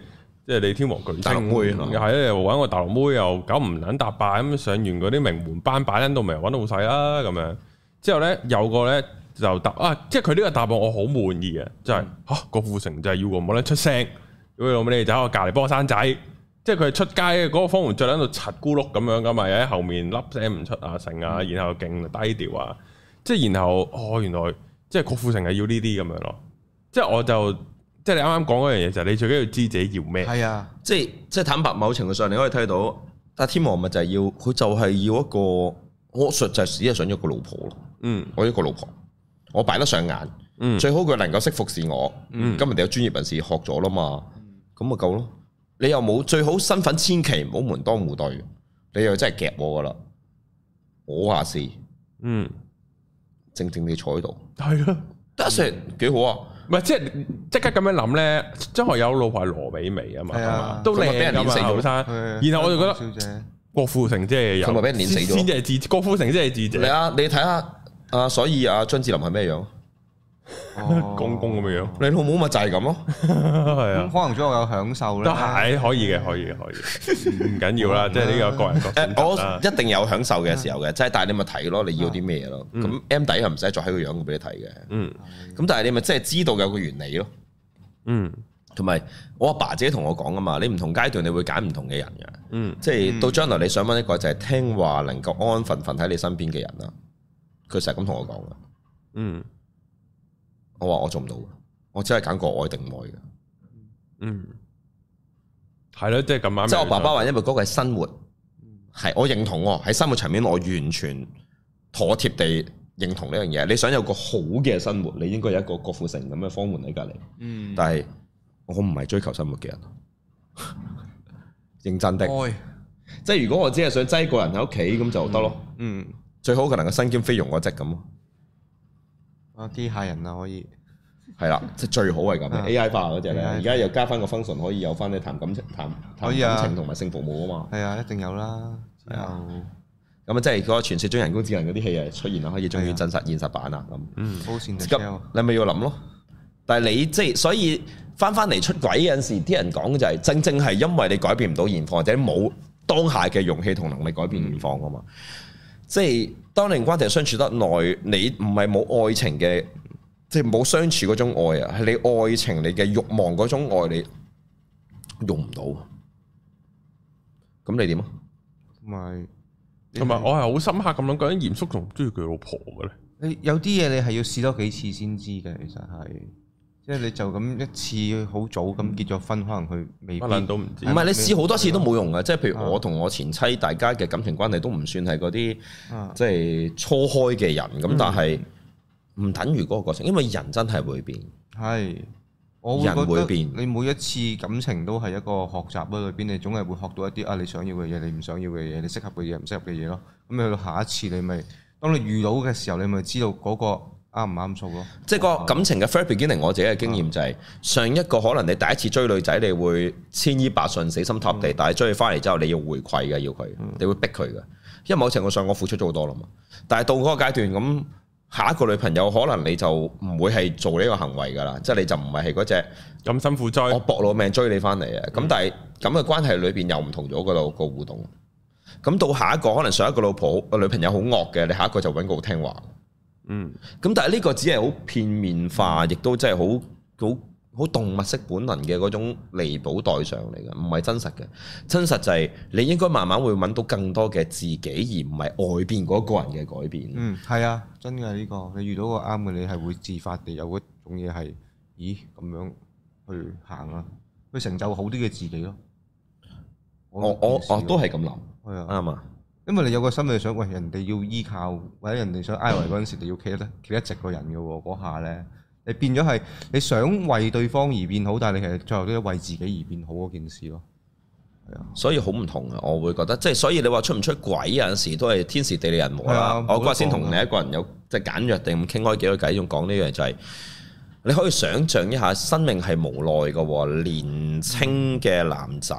即係你天王巨大陸妹又係又搵個大陸妹又搞唔撚搭巴，咁上完嗰啲名門班，擺喺度咪搵到好細啦咁樣。之後咧有個咧就答啊，即係佢呢個答案我好滿意嘅，即係吓郭富城就係要我冇得出聲，咁我咪你哋走我隔籬幫我生仔。即係佢出街嗰個方媛著喺度柒咕碌咁樣噶咪喺後面粒聲唔出啊成啊，然後勁低調啊，即係然後哦原來。即係郭富城係要呢啲咁樣咯，即係我就即係你啱啱講嗰樣嘢就係你最緊要知自己要咩，係啊，即，即係即係坦白某程度上你可以睇到，但天王咪就係要佢就係要一個，我實就只係想一個老婆咯，嗯，我一個老婆，我擺得上眼，嗯，最好佢能夠識服侍我，嗯，咁人哋有專業人士學咗啦嘛，咁咪夠咯，你又冇最好身份千祈唔好門當戶對，你又真係夾我噶啦，我話事，嗯。嗯靜靜地坐喺度，係咯。得 sir 幾好啊，唔係即係即刻咁樣諗咧，張學友老婆羅美薇啊嘛，的都靚啊嘛，然後我就覺得郭富的城即係佢咪俾人碾死咗，先係自郭富城即係智者，嚟啊，你睇下啊，所以啊張智霖係咩樣？公公咁樣樣，你老母咪就係咁咯，係啊，可能最後有享受咧，都係可以嘅，可以嘅，可以，唔緊要啦，即係呢個個人，我一定有享受嘅時候嘅，即係但係你咪睇咯，你要啲咩咯，咁 M 底係唔使再喺個樣俾你睇嘅，嗯，咁但係你咪即係知道有個原理咯，嗯，同埋我阿爸自己同我講啊嘛，你唔同階段你會揀唔同嘅人嘅，嗯，即係到將來你想揾一個就係聽話、能夠安安分分喺你身邊嘅人啦，佢成日咁同我講嘅，嗯。我話我做唔到，我只係揀過愛定唔愛嘅，嗯，係咯，即係咁樣。即係我爸爸話，因為嗰個係生活，係、嗯、我認同喎。喺生活場面，我完全妥貼地認同呢樣嘢。你想有個好嘅生活，你應該有一個郭富城咁嘅方門喺隔籬，嗯。但係我唔係追求生活嘅人， 認真的。哎、即係如果我只係想擠個人喺屋企咁就得咯，嗯。嗯，最好佢能夠身兼菲傭嗰隻咁咯。啊，機械人啊，可以係啦，即係 最好係咁嘅 A.I. 化嗰隻咧，而家 又加翻個 function，可以有翻你談感情、談談感情同埋性服務啊嘛。係啊，一定有啦。係啊，咁啊，即係嗰個傳説中人工智能嗰啲戲誒出現啦，可以終於真實現實版啦咁。嗯，好前敵之你咪要諗咯。但係你即係所以翻翻嚟出軌嗰陣時，啲人講就係正正係因為你改變唔到現況，或者冇當下嘅勇氣同能力改變現況啊嘛。嗯。即係當你關係相處得耐，你唔係冇愛情嘅，即係冇相處嗰種愛啊，係你愛情你嘅慾望嗰種愛你用唔到，咁你點啊？同埋同埋我係好深刻咁諗，點解嚴叔仲中意佢老婆嘅咧？有你有啲嘢你係要試多幾次先知嘅，其實係。即係你就咁一次好早咁結咗婚，嗯、可能佢未都唔知。唔係是你試好多次都冇用嘅，即係、啊、譬如我同我前妻，大家嘅感情關係都唔算係嗰啲即係初開嘅人，咁、嗯、但係唔等於嗰個過程，因為人真係會變。係，我會覺得你每一次感情都係一個學習嘅裏邊，面你總係會學到一啲啊你想要嘅嘢，你唔想要嘅嘢，你適合嘅嘢，唔適合嘅嘢咯。咁你去到下一次你，你咪當你遇到嘅時候，你咪知道嗰、那個。啱唔啱數咯？嗯嗯、即係個感情嘅 fair beginning、嗯、我自己嘅經驗就係、是嗯、上一個可能你第一次追女仔，你會千依百順、死心塌地，嗯、但係追佢翻嚟之後，你要回饋嘅，要佢，你會逼佢嘅，因為某程度上我付出咗好多啦嘛。但係到嗰個階段，咁下一個女朋友可能你就唔會係做呢個行為噶啦，即係、嗯、你就唔係係嗰隻咁辛苦追，我搏老命追你翻嚟啊！咁、嗯、但係咁嘅關係裏邊又唔同咗度、嗰個互動。咁到下一個可能上一個老婆個女朋友好惡嘅，你下一個就揾個好聽話。嗯，咁但係呢個只係好片面化，亦都真係好好好動物式本能嘅嗰種彌補代償嚟嘅，唔係真實嘅。真實就係你應該慢慢會揾到更多嘅自己，而唔係外邊嗰個人嘅改變。嗯，係啊，真嘅呢個，你遇到個啱嘅，你係會自發地有一種嘢係，咦咁樣去行啊，去成就好啲嘅自己咯。我我，我，我都係咁諗，啱啊！因為你有個心理想，為人哋要依靠，或者人哋想挨餵嗰陣時，就要企得企得直個人嘅喎，嗰下呢，你變咗係你想為對方而變好，但係你其實最後都要為自己而變好嗰件事咯。所以好唔同啊，我會覺得即係，所以你話出唔出軌有陣時都係天時地利人和啦。我今日先同你一個人有即係簡約定咁傾開幾個偈，仲講呢樣就係你可以想象一下，生命係無奈嘅喎，年輕嘅男仔，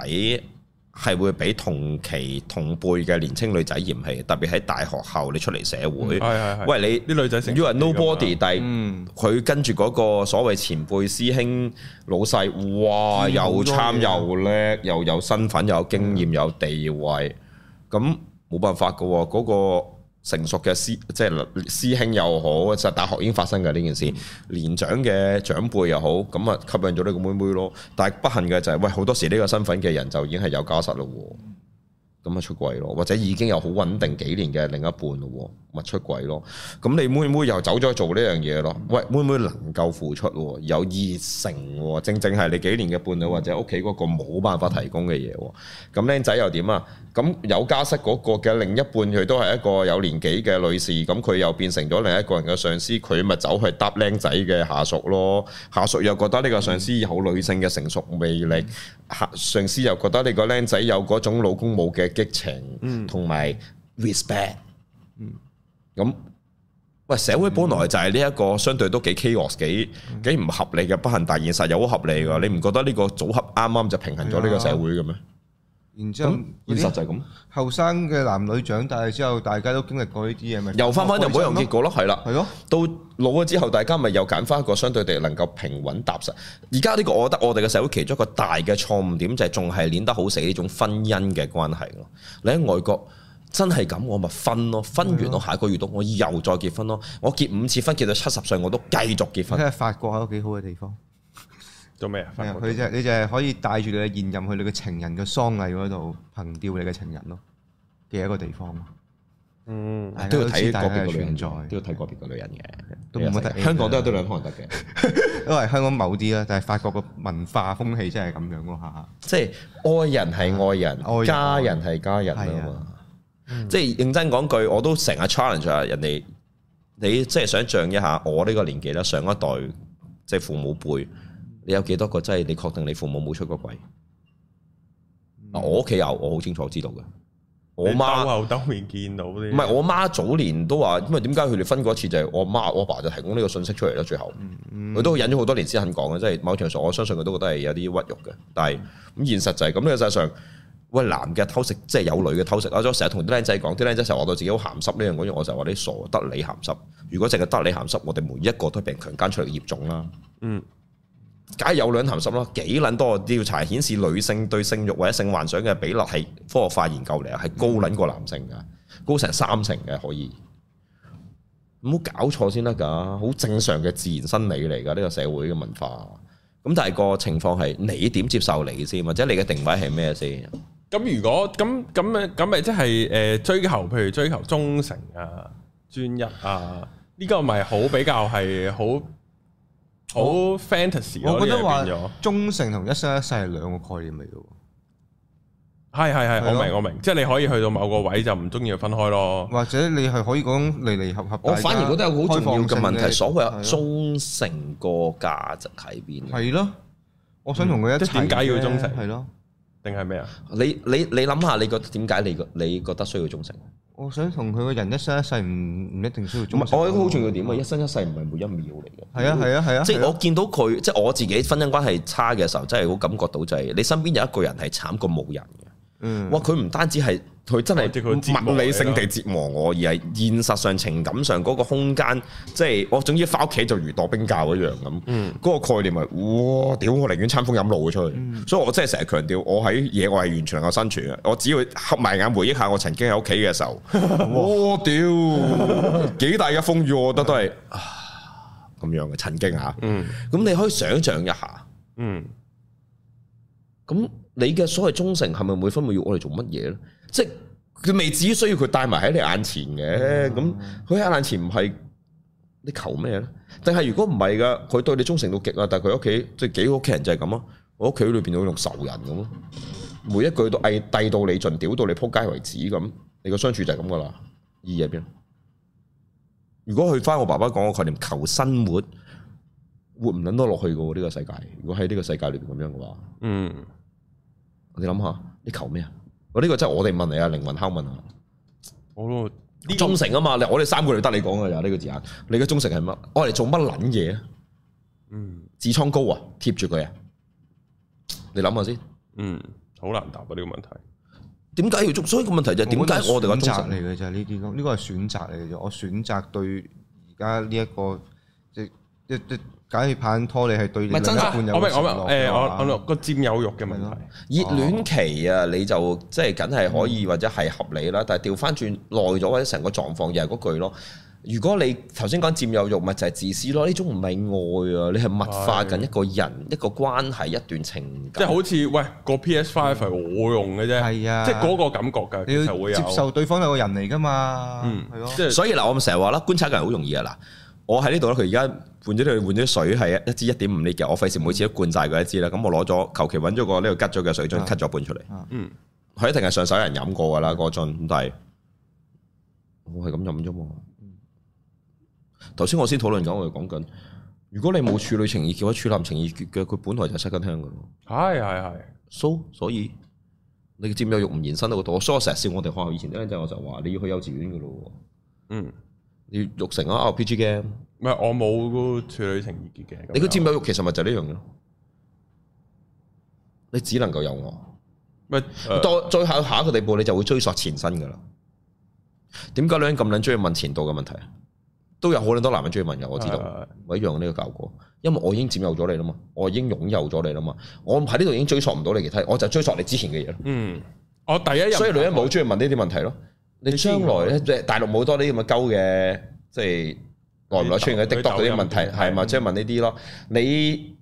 係會比同期同輩嘅年青女仔嫌棄，特別喺大學後你出嚟社會，嗯、是是是喂，你啲女仔成日以為 nobody，但佢是、嗯、跟住嗰個所謂前輩師兄老細，哇，又慘又叻，又有身份，又有經驗，有地位，咁冇、嗯、辦法噶喎，嗰個成熟嘅師，即係師兄又好，就大學已經發生嘅呢件事。年長嘅長輩又好，咁啊吸引咗呢個妹妹咯。但係不幸嘅就係、是，喂好多時呢個身份嘅人就已經係有家室咯。咁咪出軌咯，或者已經有好穩定幾年嘅另一半咯，咪出軌咯？咁你妹妹又走咗做呢樣嘢咯？喂，妹妹能夠付出喎？有熱誠喎？正正係你幾年嘅伴侶或者屋企嗰個冇辦法提供嘅嘢喎？咁靚仔又點啊？咁有家室嗰個嘅另一半佢都係一個有年紀嘅女士，咁佢又變成咗另一個人嘅上司，佢咪走去搭靚仔嘅下屬咯？下屬又覺得呢個上司有女性嘅成熟魅力，嗯、下上司，力、嗯、上司又覺得你個靚仔有嗰種老公冇嘅。激情，嗯，同埋 respect，嗯，咁，喂，社會本來就係呢一個相對都幾 chaos，幾幾唔合理嘅，不幸，但現實又好合理嘅，你唔覺得呢個組合啱啱就平衡咗呢個社會嘅咩？然之後，現實就係咁。後生嘅男女長大之後，大家都經歷過呢啲嘢，咪又翻翻又冇有結果咯？係啦了，係咯了。到老咗之後，大家咪又揀翻一個相對地能夠平穩踏實。而家呢個我覺得我哋嘅社會其中一個大嘅錯誤點就係仲係練得好死呢種婚姻嘅關係咯。你喺外國真係咁，我咪分咯，分完我下一個月度我又再結婚咯。我結五次婚，結到七十歲我都繼續結婚。佢係法國，係一個幾好嘅地方。做咩啊？佢就你就係可以帶住你嘅現任去你嘅情人嘅喪禮嗰度憑吊你嘅情人咯，嘅一個地方。嗯，都要睇個別嘅存在，都要睇個別嘅女人嘅，都唔好得。香港都有得兩行得嘅，因為香港某啲啦。但係法國嘅文化風氣真係咁樣咯吓。即係愛人係愛人，家人係家人啊。即係認真講句，我都成日 challenge 人哋，你即係想象一下，我呢個年紀啦，上一代即係父母輩。你有幾多個真係你確定你父母冇出過軌？嗯、我屋企有，我好清楚知道嘅。我媽逗後兜面見到啲，唔係我媽早年都話，因為點解佢哋分過一次就係、是、我媽，我爸就提供呢個信息出嚟啦。最後佢、嗯、都忍咗好多年先肯講嘅，即、就、係、是、某程度上我相信佢都覺得係有啲屈辱嘅。但係咁現實就係咁，呢個世上，喂男嘅偷食，即係有女嘅偷食。我成日同啲僆仔講，啲僆仔成日話到自己好鹹濕呢樣嘢，我就話你傻得你鹹濕。如果淨係得你鹹濕，我哋每一個人都係被強奸出嚟嘅孽種啦。嗯。梗係有兩頭心咯，幾撚多，多調查顯示女性對性欲或者性幻想嘅比例係科學化研究嚟啊，係高撚過男性噶，高成三成嘅可以。唔好搞錯先得㗎，好正常嘅自然生理嚟㗎，呢個社會嘅文化。咁但係個情況係你點接受你先或者你嘅定位係咩先？咁如果咁咁咪咁咪即係誒追求，譬如追求忠誠啊、專一啊，呢個咪好比較係好。好 fantasy，、啊、我覺得話忠誠同一生一世係兩個概念嚟嘅，係係係我明的我明，我明即係你可以去到某個位就唔中意去分開咯，或者你係可以講離離合合。我反而覺得有好重要嘅問題，所謂忠誠個價值喺邊？係咯。我想同佢一齊，點解、嗯、要忠誠？係咯，定係咩啊？你你你諗下，你，下你覺點解你你覺得需要忠誠？我想同佢個人一生一世唔唔一定需要做忠誠。我覺得好重要點啊！一生一世唔係每一秒嚟嘅。係啊係啊係啊！即係、啊啊啊、我見到佢，即、就、係、是、我自己婚姻關係差嘅時候，真係好感覺到就係你身邊有一個人係慘過冇人嘅。嗯，哇！佢唔單止係佢真係物理性地折磨我，而係現實上、情感上嗰個空間，即係我總之翻屋企就如墮冰窖一樣咁。嗰、嗰個概念咪、就是，哇！屌，我寧願餐風飲露出去。所以我真係成日強調，我喺野外係完全能夠生存嘅。我只要合埋眼回憶下我曾經喺屋企嘅時候，哇！屌，幾大嘅風雨，我覺得都係咁樣嘅。曾、哎、經吓，嗯、啊，咁你可以想象一下，嗯，咁、嗯。你嘅所謂忠誠係咪每分每秒我哋做乜嘢咧？即係佢未至於需要佢帶埋喺你眼前嘅，咁佢喺眼前唔係你求咩咧？定係如果唔係噶，佢對你忠誠到極啊！但係佢屋企即係幾個屋企人就係咁咯。我屋企裏邊好似同仇人咁，每一句都嗌，遞到你盡屌到你撲街為止咁。你個相處就係咁噶啦。意義喺邊？如果去翻我爸爸講嘅概念，求生活活唔捻多落去噶喎呢個世界。如果喺呢個世界裏邊咁樣嘅話，嗯。你諗下，你求咩啊？這個、我呢個真係我哋問你啊，靈魂拷問啊！好咯，我的忠誠啊嘛，我哋三個人得你講噶，咋。呢個字眼，你嘅忠誠係乜？我哋做乜撚嘢啊？嗯，痔瘡膏啊，貼住佢啊！你諗下先。嗯，好難答啊呢個問題。點解要捉？所以、這個問題就係點解我哋揀擇嚟嘅啫？呢啲咯，呢、這個係選擇嚟嘅啫。我選擇對而家呢一個即即即。就是就是假如拍拖，你係對你係真實？我明我個佔有欲嘅問題，了熱戀期啊，哦、你就即係梗係可以或者係合理啦。但係調翻轉耐咗或者成個狀況又係嗰句咯。如果你頭先講佔有欲咪就係、係、自私咯。呢種唔係愛啊，你係物化緊一個人、的一個關係、一段情感。即係好似喂、嗰個 PS Five 係我用嘅啫，係啊、嗯，即係嗰個感覺㗎。你要接受對方係個人嚟㗎嘛？嗯，即係了所以嗱，我咪成日話啦，觀察個人好容易啊嗱，我喺呢度啦，佢而家。換咗啲，換咗水係一一支一點五 lit 嘅，我費事每次都灌晒佢一支啦。咁我攞咗，求其揾咗個呢個吉咗嘅水樽，cut 咗半出嚟。嗯，佢一定係上手有人飲過噶啦，嗰樽。但係、嗯、我係咁飲咗嘛。頭先我先討論咗，我哋講緊，如果你冇處女情意結或者處男情意結嘅，佢本來就七斤香噶咯。係係係。So, 所以你嘅佔有欲唔延伸到嗰度。所以我成日笑我哋學校以前啲僆仔，我就話你要去幼稚園噶咯。嗯，你要育成啊，RPG game。唔係我冇嗰個處女情結嘅，你個佔有欲其實咪就係呢樣咯。你只能夠有我，唔到、嗯、最後下一個地步，你就會追溯前身噶啦。點解女人咁撚中意問前度嘅問題啊？都有好撚多男人中意問嘅。我知道，係、嗯、一樣呢個效果。因為我已經佔有咗你啦嘛，我已經擁有咗你啦嘛，我喺呢度已經追溯唔到你其他，我就追溯你之前嘅嘢。嗯，我第一日，日，所以女人冇中意問呢啲問題咯。你將來咧，即係大陸冇多啲咁嘅鳩嘅，即、就、係、是。耐唔耐出現嗰滴多嗰啲問題，係嘛？即係問呢啲咯。你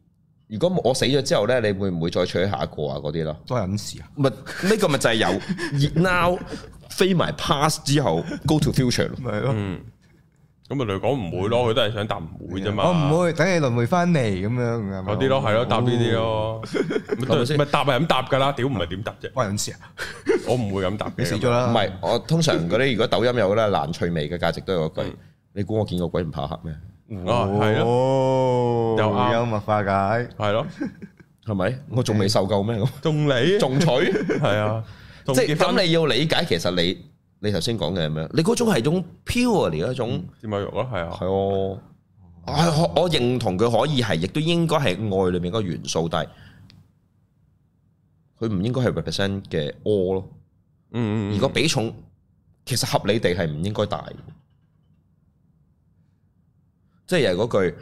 如果我死咗之後咧，你會唔會再娶下一個啊？嗰啲咯，都係隱士啊。唔係呢個咪就係有熱鬧飛埋 past 之後，go to future 咯。係咯，嗯。咁咪嚟講唔會咯，佢都係想答唔會啫嘛。我唔會等你輪迴翻嚟咁樣。嗰啲咯，係咯，答呢啲咯。咪答咪咁答㗎啦，屌唔係點答啫？都隱士啊！我唔會咁答。你死咗啦！唔係我通常嗰啲，如果抖音有咧，爛趣味嘅價值都係嗰句。你估我見過鬼唔怕黑咩？哦，又幽默化解，係咯，係咪？我仲未受夠咩？仲嚟，仲取，係啊。即係咁，你要理解，其實你你頭先講嘅係咩？你嗰種係種 pure 嚟嘅一種，節目肉咯，係啊，係我，我我認同佢可以係，亦都應該係愛裏邊嗰個元素，但係佢唔應該係 represent 嘅 all 咯。嗯嗯。而個比重其實合理地係唔應該大。即係又係嗰句，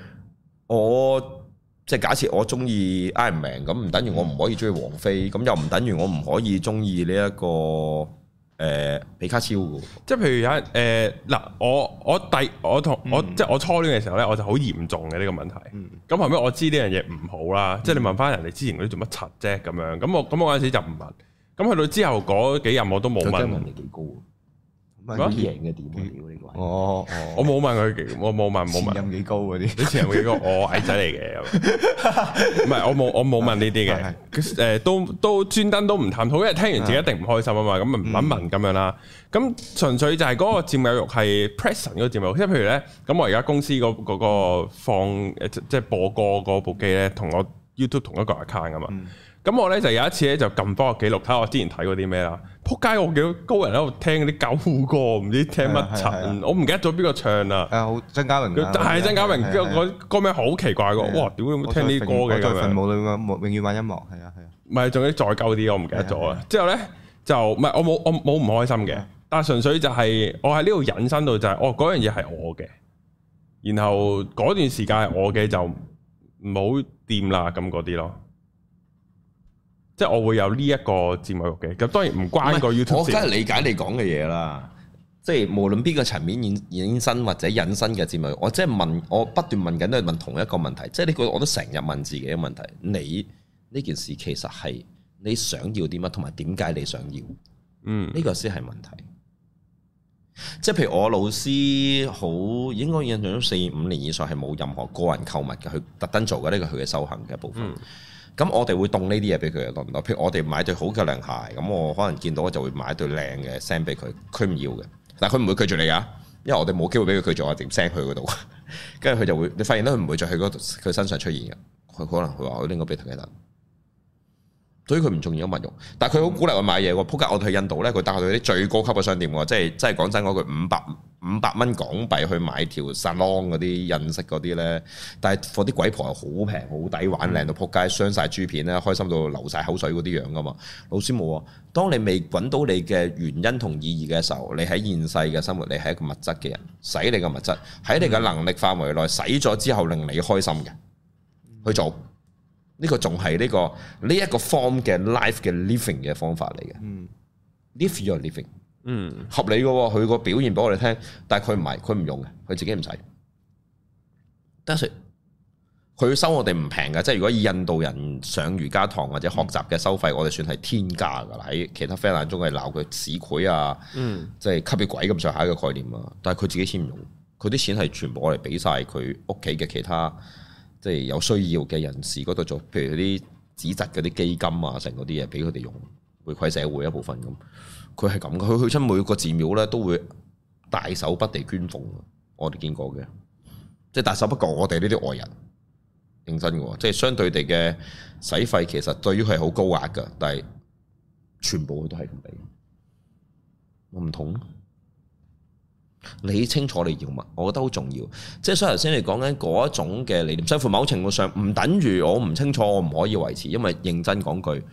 我即係假設我中意 Iron Man 咁，唔等於我唔可以中意王菲，咁又唔等於我唔可以中意呢一個誒皮、呃、卡超。即係譬如有誒嗱、呃，我我第我同我，、嗯、我即係我初戀嘅時候咧，我就好嚴重嘅呢個問題。咁、嗯、後尾我知呢樣嘢唔好啦，即係、嗯、你問翻人哋之前嗰啲做乜柒啫咁樣。咁我咁我嗰陣時就唔問。咁去到之後嗰幾任我都冇問。就驚高。問啲贏嘅點料呢個位？哦，我冇問佢，我冇問冇問。前任幾高啲？你前任幾高？我矮仔嚟嘅，唔係我冇我冇問呢啲嘅。誒，都都專登都唔探討，因為聽完自己一定唔開心啊嘛，咁咪唔問問咁樣啦。咁純粹就係嗰個佔有欲係 person 嗰個佔有欲，即係譬如咧，咁我而家公司嗰個放誒即係播歌嗰部機咧，同我。YouTube 同一個 account 噶嘛，咁我咧就有一次咧就撳翻個記錄睇下我之前睇過啲咩啦。撲街我見到高人喺度聽嗰啲舊歌，唔知聽乜柒，我唔記得咗邊個唱啦。誒好，曾家明，係曾家明，佢歌名好奇怪嘅，哇！屌，會聽呢啲歌嘅。在奮舞裏面，永永遠玩音樂。係啊係啊。咪仲有啲再舊啲，我唔記得咗啦。之後咧就唔係我冇我冇唔開心嘅，但係純粹就係我喺呢度引申到就係哦嗰樣嘢係我嘅，然後嗰段時間係我嘅就。冇掂啦，咁嗰啲咯，即係我會有呢一個節目嘅，咁當然唔關個 YouTube。我梗係理解你講嘅嘢啦，即係無論邊個層面引申或者引申嘅節目，我即係問，我不斷問緊都係問同一個問題，即係呢個我都成日問自己嘅問題，你呢件事其實係你想要啲乜，同埋點解你想要？嗯，呢個先係問題。即係譬如我老師好，應該印象咗四五年以上，係冇任何個人購物嘅，佢特登做嘅呢個佢嘅修行嘅部分。咁、嗯、我哋會送呢啲嘢俾佢，譬如我哋買對好嘅涼鞋，咁我可能見到就會買對靚嘅 send 俾佢，佢唔要嘅，但係佢唔會拒絕你㗎，因為我哋冇機會俾佢拒絕，我點 send 去嗰度，跟住佢就會，你發現到佢唔會再喺佢身上出現嘅，佢可能佢話我應該俾唐吉達。所以佢唔重視咗物慾，但係佢好鼓勵我買嘢喎。僕街、嗯、我去印度呢，佢帶我去啲最高級嘅商店喎，即係即係講真嗰句，五百五百蚊港幣去買條 salon 嗰啲印色嗰啲呢。但係放啲鬼婆又好平好抵，玩靚到僕街，傷晒豬片咧，開心到流晒口水嗰啲樣噶嘛。老師冇啊，當你未揾到你嘅原因同意義嘅時候，你喺現世嘅生活，你係一個物質嘅人，使你嘅物質喺你嘅能力範圍內使咗之後，令你開心嘅去做。呢個仲係呢個呢一、這個 form 嘅 life 嘅 living 嘅方法嚟嘅、嗯、live your living，嗯，合理嘅喎、哦，佢個表現俾我哋聽，但係佢唔係佢唔用嘅，佢自己唔使。得是佢收我哋唔平嘅，即係如果印度人上瑜伽堂或者學習嘅收費，我哋算係天價㗎啦。喺其他 friend 眼中係鬧佢市區啊，即係、嗯、吸住鬼咁上下嘅概念啊。但係佢自己先唔用，佢啲錢係全部我哋俾晒佢屋企嘅其他。即係有需要嘅人士嗰度做，譬如啲資質嗰啲基金啊，成嗰啲嘢畀佢哋用，回饋社會一部分咁。佢係咁嘅，佢去親每個寺廟咧都會大手筆地捐奉，我哋見過嘅。即係大手筆過我哋呢啲外人認真嘅，即係相對地嘅使費其實對於佢係好高壓嘅，但係全部佢都係咁俾。我唔同。你清楚你要乜？我覺得好重要，即係所以頭先你講緊嗰一種嘅理念，相乎某程度上唔等於我唔清楚，我唔可以維持，因為認真講句，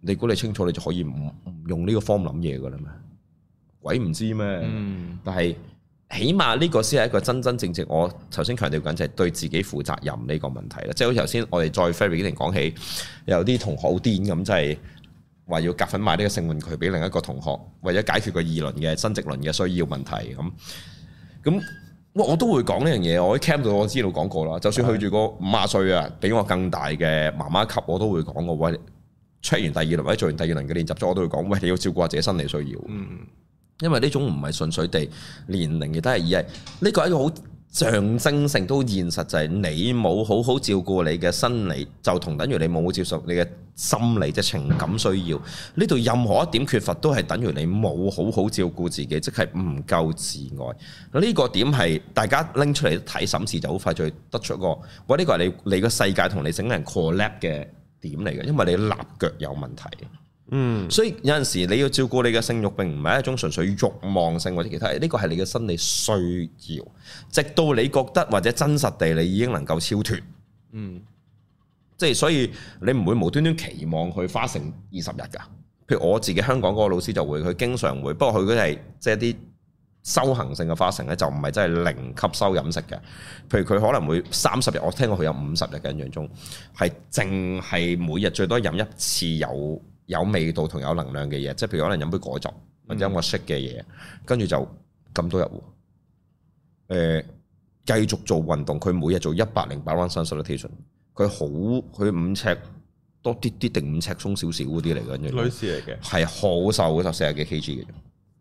你估你清楚，你就可以唔唔用呢個方諗嘢嘅啦嘛，鬼唔知咩？嗯、但係起碼呢個先係一個真真正正我頭先強調緊就係、是、對自己負責任呢個問題啦。即係好似頭先我哋再 Fairy 講起有啲同學好癲咁，就係、是。話要夾份買呢個性玩具俾另一個同學，為咗解決個二輪嘅生殖輪嘅需要問題咁咁，哇！我都會講呢樣嘢，我喺 camp 度我知道講過啦。就算去住個五廿歲啊，比我更大嘅媽媽級，我都會講過喂，出完第二輪或者做完第二輪嘅練習咗，我都會講喂，你要照顧下自己生理需要。嗯，因為呢種唔係純粹地年齡亦都係而係呢個係一個好象徵性都現實，就係你冇好好照顧你嘅生理，就同等於你冇好接受你嘅心理即、就係、情感需要。呢度任何一點缺乏，都係等於你冇好好照顧自己，即係唔夠自愛。呢、呢個點係大家拎出嚟睇審視，就好快就會得出個，哇！呢、呢個係你你個世界同你整個人 collapse 嘅點嚟嘅，因為你立腳有問題。嗯，所以有陣時你要照顧你嘅性慾，並唔係一種純粹慾望性或者其他，呢個係你嘅生理需要。直到你覺得或者真實地，你已經能夠超脫。嗯，即係所以你唔會無端端期望佢花成二十日㗎。譬如我自己香港嗰個老師就會，佢經常會，不過佢都係即係啲修行性嘅花成咧，就唔係真係零吸收飲食嘅。譬如佢可能會三十日，我聽過佢有五十日嘅印象中，係淨係每日最多飲一次有。有味道同有能量嘅嘢，即係譬如可能飲杯果汁或者我識嘅嘢，跟住、嗯、就咁多日。誒、呃，繼續做運動，佢每日做一百零八。One Sensation 佢好佢五尺多啲啲定五尺鬆少少嗰啲嚟嘅，女士嚟嘅係好瘦嗰十四廿幾 kg 嘅，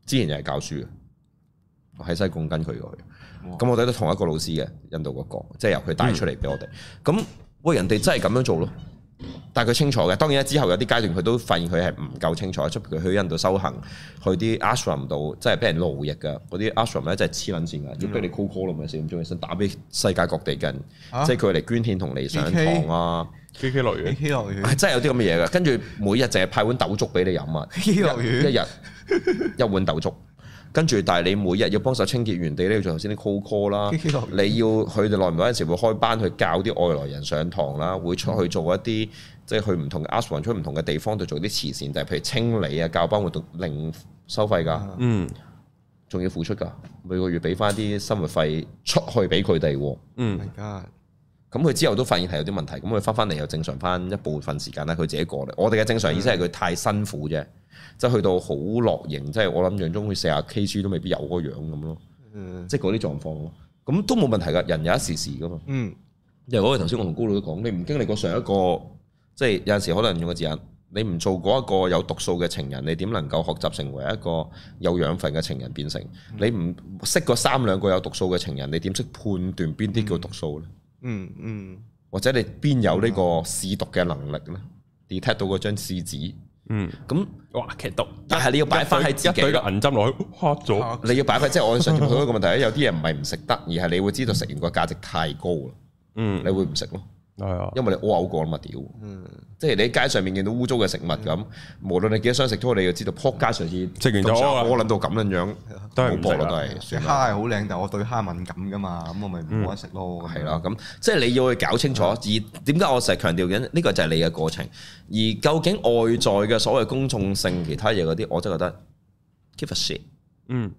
之前又係教書嘅，我喺西貢跟佢去，咁我哋都同一個老師嘅，印度嗰、那個，即係由佢帶出嚟俾我哋，咁喂、嗯、人哋真係咁樣做咯。但係佢清楚嘅，當然之後有啲階段佢都發現佢係唔夠清楚。出佢去印度修行，去啲阿什蘭度，即係俾人奴役嘅嗰啲阿什蘭咧，就係黐捻線嘅，要俾、嗯、你 call call 咯，咪四點鐘起身打俾世界各地嘅人，啊、即係佢嚟捐獻同你上堂啊，K K 樂園，K K 樂園，真係有啲咁嘅嘢嘅。跟住每日淨係派碗豆粥俾你飲啊，K K 樂園，一日 一碗豆粥。跟住，但係你每日要幫手清潔原地呢，要做頭先啲 call call 啦。你要，call call, 你要去哋耐唔耐嗰陣時會開班去教啲外來人上堂啦，會出去做一啲、嗯、即係去唔同嘅 ask 出唔同嘅地方度做啲慈善，就係譬如清理啊、教班活動，另收費㗎。嗯，仲要付出㗎，每個月俾翻啲生活費出去俾佢哋。嗯，咁佢、oh、my god 之後都發現係有啲問題，咁佢翻翻嚟又正常翻一部分時間啦。佢自己過嚟，我哋嘅正常意思係佢太辛苦啫。即係去到好落型，即係我諗想像佢四呀 K G 都未必有嗰樣咁咯，嗯，即，即係嗰啲狀況咯，咁都冇問題噶，人有一時時噶嘛，嗯，又好似頭先我同高佬都講，你唔經歷過上一個，即係有陣時可能用個字眼，你唔做過一個有毒素嘅情人，你點能夠學習成為一個有養分嘅情人變成？你唔識過三兩個有毒素嘅情人，你點識判斷邊啲叫毒素咧？嗯嗯，或者你邊有呢個試毒嘅能力咧？detect、嗯嗯嗯、到嗰張試紙。嗯，咁哇，劇毒，但係你要擺翻喺自己嘅銀針落去，黑咗。你要擺翻，即係我上次講一個問題咧， 有啲嘢唔係唔食得，而係你會知道食完個價值太高啦，嗯，你會唔食咯。係啊，因為你屙嘔過啊嘛，屌！嗯，即係你喺街上面見到污糟嘅食物咁，嗯、無論你幾多想食都，你要知道扑街上次食完咗，我諗到咁樣樣，都係唔食啦。都係是。蝦係好靚，但我對蝦敏感噶嘛，咁我咪唔好食咯。係啦，嗯，咁、嗯啊，即係你要去搞清楚。嗯、而點解我成日強調緊呢個就係你嘅過程。而究竟外在嘅所謂公眾性，其他嘢嗰啲，我真係覺得 give a shit。嗯。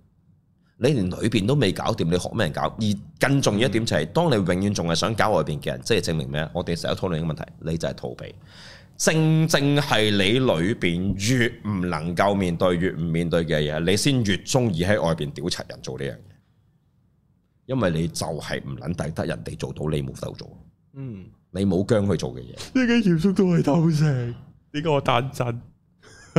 你連裏邊都未搞掂，你學咩人搞？而更重要一點就係，是，嗯，當你永遠仲係想搞外邊嘅人，即係證明咩？我哋成日討論嘅問題，你就係逃避。正正係你裏邊越唔能夠面對，越唔面對嘅嘢，你先越中意喺外邊屌柒人做呢樣嘢。因為你就係唔撚抵得人哋做到，你冇手做。嗯，你做，你冇姜佢做嘅嘢。呢啲嚴肅都係偷食，呢個我單真。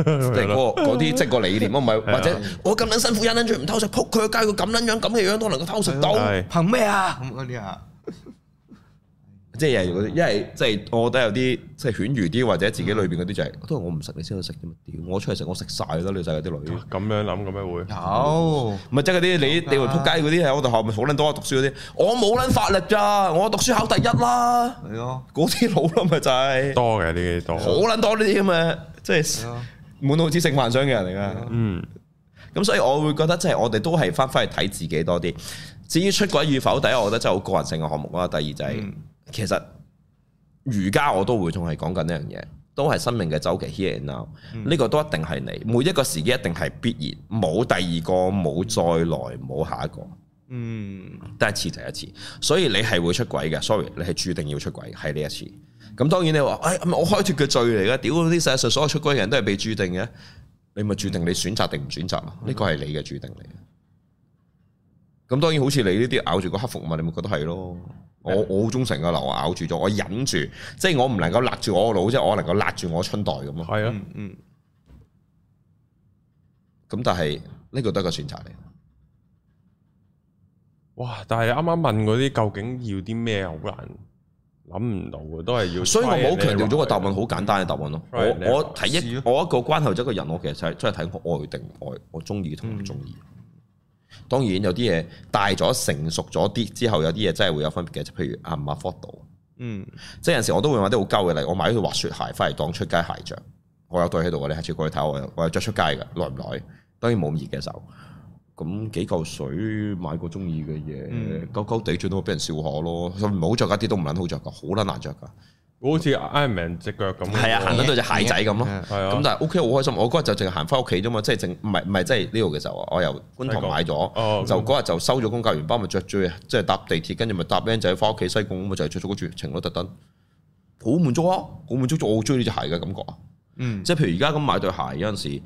即嗰啲即係個理念，唔係或者我咁捻辛苦一捻住唔偷食，撲佢個街，佢咁捻樣咁嘅樣都能夠偷食到，憑咩啊？咁嗰啲啊，即係，因為即係，我覺得有啲即係犬儒啲，或者自己裏邊嗰啲就係，都係我唔食你先去食啲乜屌，我出嚟食我食晒啦，你仔嗰啲女咁樣諗咁樣會有，咪即係嗰啲你你會撲街嗰啲喺我哋學校咪好捻多讀書嗰啲，我冇捻法律咋，我讀書考第一啦，係咯，嗰啲老啦咪就係多嘅呢啲多，好捻多呢啲咁嘅，即係。滿腦子性幻想嘅人嚟噶，嗯，咁所以我會覺得即係我哋都係翻翻去睇自己多啲。至於出軌與否，第一我覺得真係好個人性嘅項目啦，第二就係、是嗯、其實瑜伽我都會仲係講緊呢樣嘢，都係生命嘅周期 here and now，呢、嗯、個都一定係你每一個時機一定係必然，冇第二個冇再來冇下一個，嗯，第一次第一次，所以你係會出軌嘅，sorry，你係注定要出軌喺呢一次。咁當然你話，哎、我開脱嘅罪嚟㗎，屌啲世上所有出軌嘅人都係被註定嘅，你咪註定你選擇定唔選擇咯？呢個係你嘅註定嚟。咁當然好似你呢啲咬住個克服物，你咪覺得係咯。麼我好忠誠㗎，留咬住咗，我忍住，即係我唔能夠勒住我個腦，即係我能夠勒住我的春袋咁嗯。咁、啊嗯、但係呢、呢個都係個選擇嚟。哇！但係啱啱問嗰啲究竟要啲咩好難。諗唔到都係要，所以我冇強調咗個答案，好、嗯、簡單嘅答案咯、嗯。我我睇一，嗯、我一個關係咗個人，我其實係真係睇我愛定唔愛，我中意同唔中意。嗯、當然有啲嘢大咗成熟咗啲之後，有啲嘢真係會有分別嘅，就譬如阿馬福德度，嗯，即係有陣時我都會買啲好鳩嘅，例如我買咗對滑雪鞋翻嚟當出街鞋着，我有對喺度嘅，你下次過去睇我，我有着出街嘅耐唔耐？當然冇咁熱嘅時候。咁幾嚿水買個中意嘅嘢，鳩鳩、嗯、地著到俾人笑嚇咯。所以唔好着一啲都唔撚好着噶，好撚難着噶。好似 Iron Man 隻腳咁，係啊對，行緊對隻鞋仔咁咯。咁但係 O K，好開心。我嗰日就淨係行翻屋企啫嘛，即係淨唔係唔係即係呢度嘅時候，我由觀塘買咗的。就嗰日就收咗公教完包，咪着住啊，即係搭地鐵，跟住咪搭靚仔翻屋企西貢，咁咪就係着咗嗰住程咯特登，好滿足啊！好滿足、啊，我好中意呢隻鞋嘅感覺啊。即係譬如而家咁買對鞋，有陣時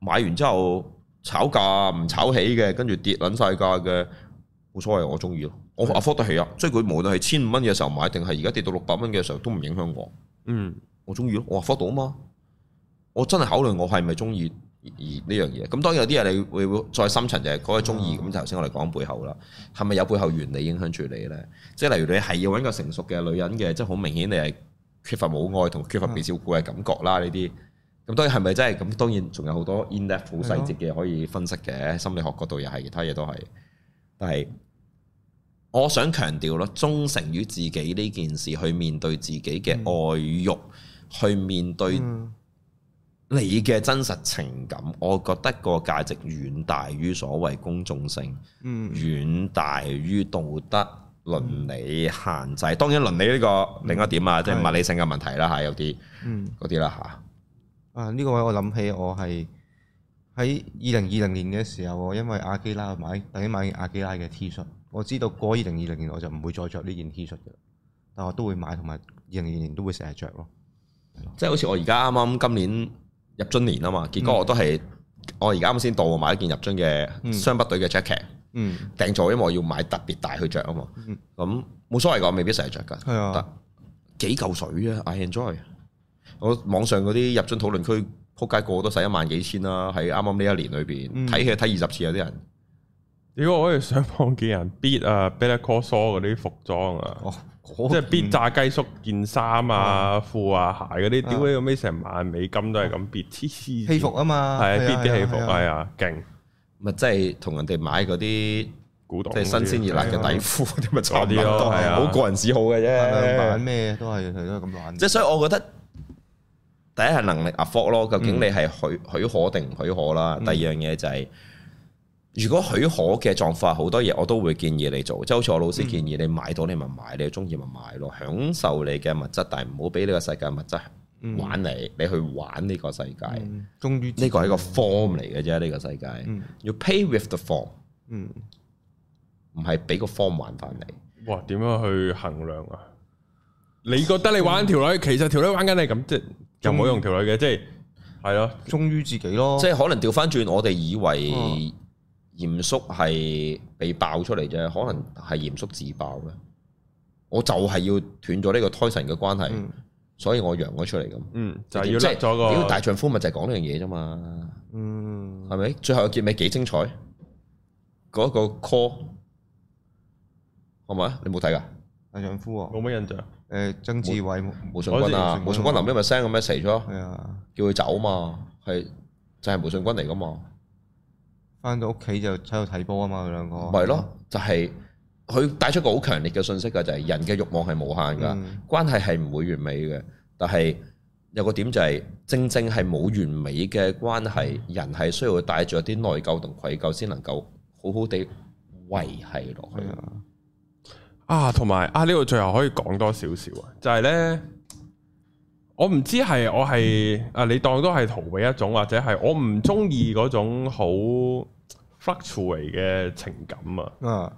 買完之後。炒價唔炒起嘅，跟住跌撚晒價嘅，冇所謂，我中意咯。的我 afford 得起啊，即係佢無論係千五蚊嘅時候買，定係而家跌到六百蚊嘅時候，都唔影響我。嗯，我中意咯。我 afford 到啊嘛，我真係考慮我係咪中意而呢樣嘢？咁當然有啲人你會會再深層就係嗰個中意。咁頭先我哋講背後啦，係咪有背後原理影響住你咧？即係例如你係要揾個成熟嘅女人嘅，即係好明顯你係缺乏母愛同缺乏被照顧嘅感覺啦，呢啲、嗯。咁當然係咪真係？咁當然仲有好多 in depth 細節嘅可以分析嘅，心理學嗰度又係，其他嘢都係。但係我想強調咯，忠誠於自己呢件事，去面對自己嘅愛欲，嗯、去面對你嘅真實情感。嗯、我覺得個價值遠大於所謂公眾性，嗯、遠大於道德倫理限制。嗯、當然倫理呢個另一點啊，即係物理性嘅問題啦嚇，有啲嗰啲啦嚇。嗯。啊！呢、這個位我諗起我係喺二零二零年嘅時候，我因為阿基拉買等於買一買阿基拉嘅 T 恤，我知道過二零二零年我就唔會再着呢件 T 恤嘅，但我都會買同埋二零二零年都會成日着咯。即係好似我而家啱啱今年入樽年啊嘛，結果我都係、嗯、我而家啱先到買一件入樽嘅雙北隊嘅 Jacket，訂咗因為我要買特別大去着啊嘛。咁冇、嗯嗯、所謂噶，未必成日著噶，嗯、幾嚿水啊！I enjoy。我網上嗰啲入樽討論區，撲街過好多使一萬幾千啦，喺啱啱呢一年裏邊，睇戲睇二十次有啲人。如果我可以上網見人 bid 啊 Bella Cosso 嗰啲服裝啊，即係 bid 炸雞叔件衫啊、褲啊、鞋嗰啲，丟喺度咩成萬美金都係咁 bid。戲服啊嘛，係 bid 啲戲服，係啊，勁。咪即係同人哋買嗰啲古代即係新鮮熱辣嘅底褲，啲咪錯啲咯，好個人嗜好嘅啫。買咩都係係都係咁樣買。即係所以，我覺得。第一係能力 afford 咯，究竟你係許許可定唔許可啦？嗯、第二樣嘢就係、是，如果許可嘅狀況，好多嘢我都會建議你做，即係好似我老師建議你買到你咪買，你中意咪買咯，享受你嘅物質，但係唔好俾呢個世界物質玩你，嗯、你去玩呢個世界。終於呢個係個 form 嚟嘅啫，呢、呢個世界要、嗯、pay with the form，唔係俾個 form 玩翻你。哇，點樣去衡量啊？ 你覺得你玩條女，其實條女玩緊你咁即就冇用條女嘅，即係係咯，忠於自己咯。即係可能調翻轉，我哋以為嚴肅係被爆出嚟啫，可能係嚴肅自爆嘅。我就係要斷咗呢個胎神嘅關係，嗯、所以我揚咗出嚟咁。嗯，就係、是、要甩咗個即即大丈夫，咪就係講呢樣嘢啫嘛。嗯，係咪？最後結尾幾精彩？嗰、嗰個 call 係咪啊？你冇睇㗎？大丈夫啊！冇乜印象。誒、呃、曾志偉、毛無信君啊，毛信君後屘咪 send 個 m e s、啊、s a 叫佢走嘛，係就係毛信君嚟噶嘛。翻到屋企就喺度睇波啊嘛，佢兩個。咪咯，就係、是、佢帶出個好強烈嘅信息㗎，就係、是、人嘅欲望係無限㗎，嗯、關係係唔會完美嘅。但係有個點就係、是，正正係冇完美嘅關係，人係需要帶住一啲內疚同愧疚先能夠好好地維係落去。嗯嗯。啊，同埋啊，呢個最後可以講多少少啊，就係、是、咧，我唔知係我係、嗯、啊，你當都係逃避一種，或者係我唔中意嗰種好 fluctuate 嘅情感啊，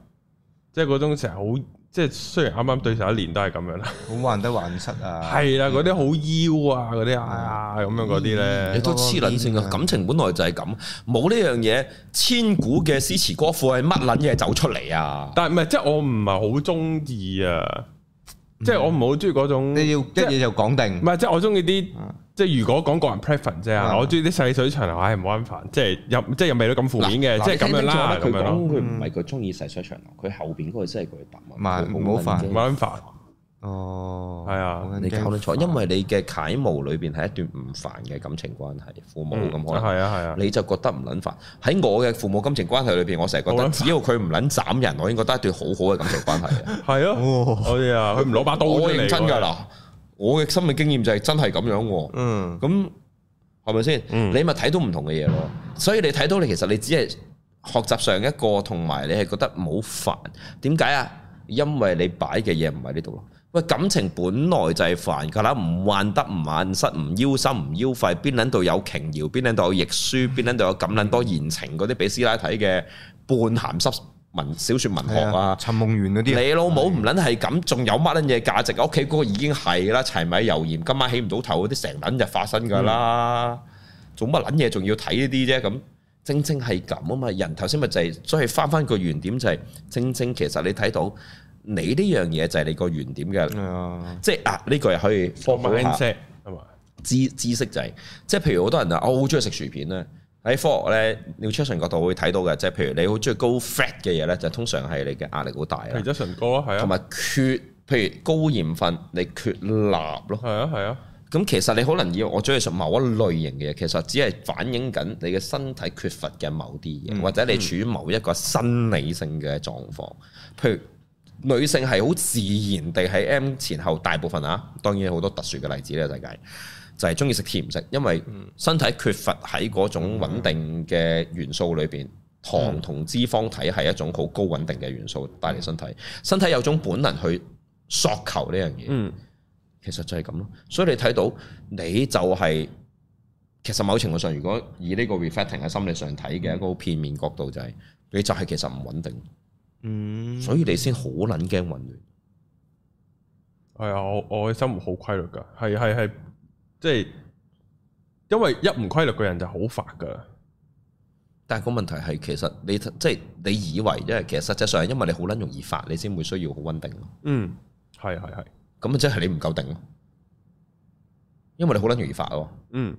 即係嗰種成日好。即係雖然啱啱對上一年都係咁樣啦，好患得患失啊，係啦、 啊，嗰啲好腰啊，嗰啲、嗯、啊咁樣嗰啲咧，你都黐撚線㗎，個個感情本來就係咁，冇呢樣嘢，千古嘅詩詞歌賦係乜撚嘢走出嚟啊？但係唔係即係我唔係好中意啊。即係我唔係好中意嗰種，你要一嘢就講定。唔係，即係我中意啲，即係如果講個人 preference 啫。我中意啲細水長流係冇好咁煩，即係又即係又未到咁負面嘅，即係咁樣啦。佢講佢唔係佢中意細水長流，佢後邊嗰個真係佢白話。唔好冇唔好煩。哦，係、oh, 啊，你搞捻錯，因為你嘅楷模裏邊係一段唔煩嘅感情關係，父母咁、嗯、可能係啊係啊，你就覺得唔捻煩。喺我嘅父母感情關係裏邊，我成日覺得，只要佢唔捻斬人，我已經覺得一段好好嘅感情關係。係 啊，哦、 我哋佢唔攞把刀我認真噶啦！我嘅心理經驗就係真係咁樣。嗯，咁係咪先？嗯、你咪睇到唔同嘅嘢咯。所以你睇到你其實你只係學習上一個，同埋你係覺得冇煩。點解啊？因為你擺嘅嘢唔喺呢度咯。感情本來就係煩㗎啦，唔患得唔患失，唔憂心唔憂肺，邊撚度有瓊瑤，邊撚度有亦舒，邊撚度有咁撚多言情嗰啲俾師奶睇嘅半鹹濕文小説文學啊，《尋夢園》嗰啲，你老母唔撚係咁，仲的有乜撚嘢價值？屋企嗰個已經係啦，柴米油鹽，今晚起唔到頭嗰啲，成撚日就發生㗎啦，做乜撚嘢仲要睇呢啲啫？咁，正正係咁啊嘛，人頭先咪就係，所以翻翻個原點、就是，就係正正其實你睇到。你呢樣嘢就係你個原點嘅，即係壓呢個又可以知識啊嘛。知知識就係即係譬如好多人、哦、啊，好中意食薯片咧。喺科學咧，nutrition 角度會睇到嘅，即係譬如你好中意高 fat 嘅嘢咧，就通常係你嘅壓力好大啦。除咗唇膏啊，係啊，同埋缺譬如高鹽分，你缺鈉咯。係啊，係啊、嗯。咁、嗯、其實你可能以為我中意食某一類型嘅嘢，其實只係反映緊你嘅身體缺乏嘅某啲嘢，或者你處於某一個生理性嘅狀況，譬如。女性係好自然地喺 M 前後大部分啊，當然好多特殊嘅例子咧。世界就係中意食甜食，因為身體缺乏喺嗰種穩定嘅元素裏邊，糖同脂肪體係一種好高穩定嘅元素帶嚟身體。身體有種本能去索求呢樣嘢。嗯，其實就係咁咯。所以你睇到你就係、係、其實某程度上，如果以呢個 reflecting 喺心理上睇嘅一個片面角度、就係，就係你就係其實唔穩定。嗯，所以你先好捻驚混亂。係啊、哎，我我嘅生活好規律噶，係係係，即係因為一唔規律嘅人就好發噶。但係個問題係，其實你即係你以為，因為其實實際上係因為你好捻容易發，你先會需要好穩定咯。嗯，係係係，咁咪即係你唔夠定咯，因為你好捻容易發咯。嗯，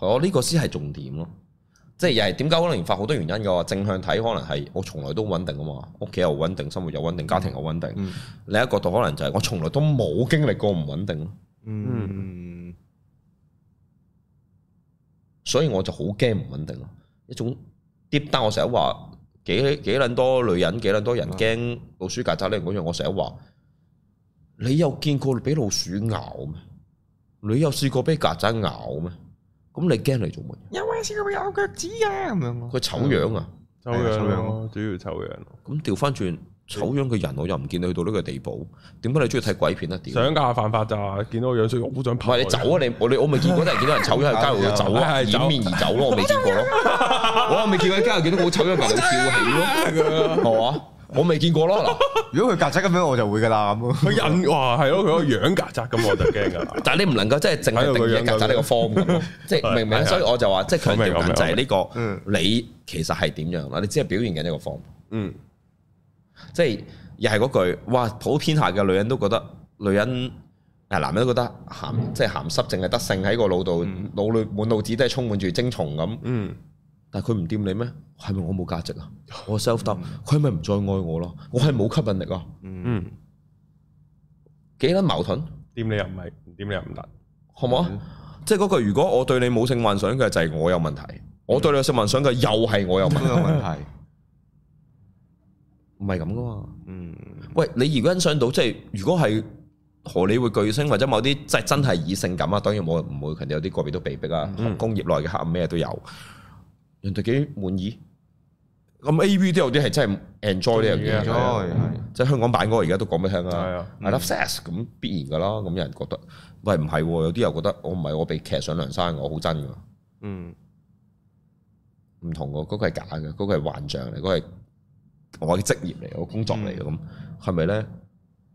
我呢、啊呢個先係重點咯。即係又係，點解可能發好多原因噶？正向睇可能係我從來都穩定噶嘛，屋企又穩定，生活又穩定，家庭又穩定。嗯、另一個角度可能就係我從來都冇經歷過唔穩定咯。嗯，嗯，所以我就好驚唔穩定咯。一種跌單，我成日話幾幾撚多女人，幾撚多人驚老鼠、曱甴呢？嗰樣、嗯、我成日話，你有見過俾老鼠咬咩？你有試過俾曱甴咬咩？咁你驚嚟做乜嘢？有危險會咬腳趾啊！咁樣，佢醜樣啊，醜樣咯，主要醜樣咯。咁調翻轉，醜樣嘅人我又唔見你去到呢個地步，點解你中意睇鬼片咧？想架犯法咋？見到我樣衰，我好想拍唔係你走啊！你我你我未見過都係見到人醜樣喺街度走咯，掩面而走咯，我未見過咯。我未見過喺街度見到好醜樣人哋跳起咯，係嘛？我未見過咯，嗱，如果佢曱甴咁樣，我就會噶啦。佢人哇，係咯，佢個樣曱甴咁，我就驚噶啦。但係你唔能夠即係淨係睇個樣曱甴，呢個 form 即係明唔明？啊，所以我就話，即係強調緊就係呢個，你其實係點樣啦？你只係表現緊呢個 form 嗯，即係又係嗰句，哇！普遍下嘅女人都覺得，女人啊，男人都覺得鹹，即係鹹濕，淨係得性喺個腦度，腦裏滿腦子都係充滿住精蟲咁。嗯。但佢唔掂你咩？係咪我冇價值啊？我 self down 佢係咪唔再愛我咯？我係冇吸引力啊？嗯，幾撚矛盾？掂你又唔係，唔掂你又唔得，好冇啊？嗯、即係嗰句，如果我對你冇性幻想嘅就係我有問題，嗯、我對你有性幻想嘅又係我有又有問題，唔係咁噶嘛？嗯，喂，你如果欣賞到即係、就是、如果係荷里活巨星或者某啲即係真係以性感啊，當然我唔會佢哋有啲個別都被逼啊，工業內嘅黑暗咩都有。人哋幾滿意？咁 A.V. 都有啲係真係 enjoy 呢樣嘢。enjoy 即係香港版歌而家都講得聽啊，I love sex 咁必然噶啦，咁、啊、有人覺得喂唔係，有啲又覺得我唔係我被劇上梁山，我好真噶，嗯，唔同噶，嗰、嗰個係假嘅，嗰、嗰個係幻象嚟，嗰、嗰、係、個、我嘅職業嚟，我、嗰個、工作嚟嘅咁，係咪咧？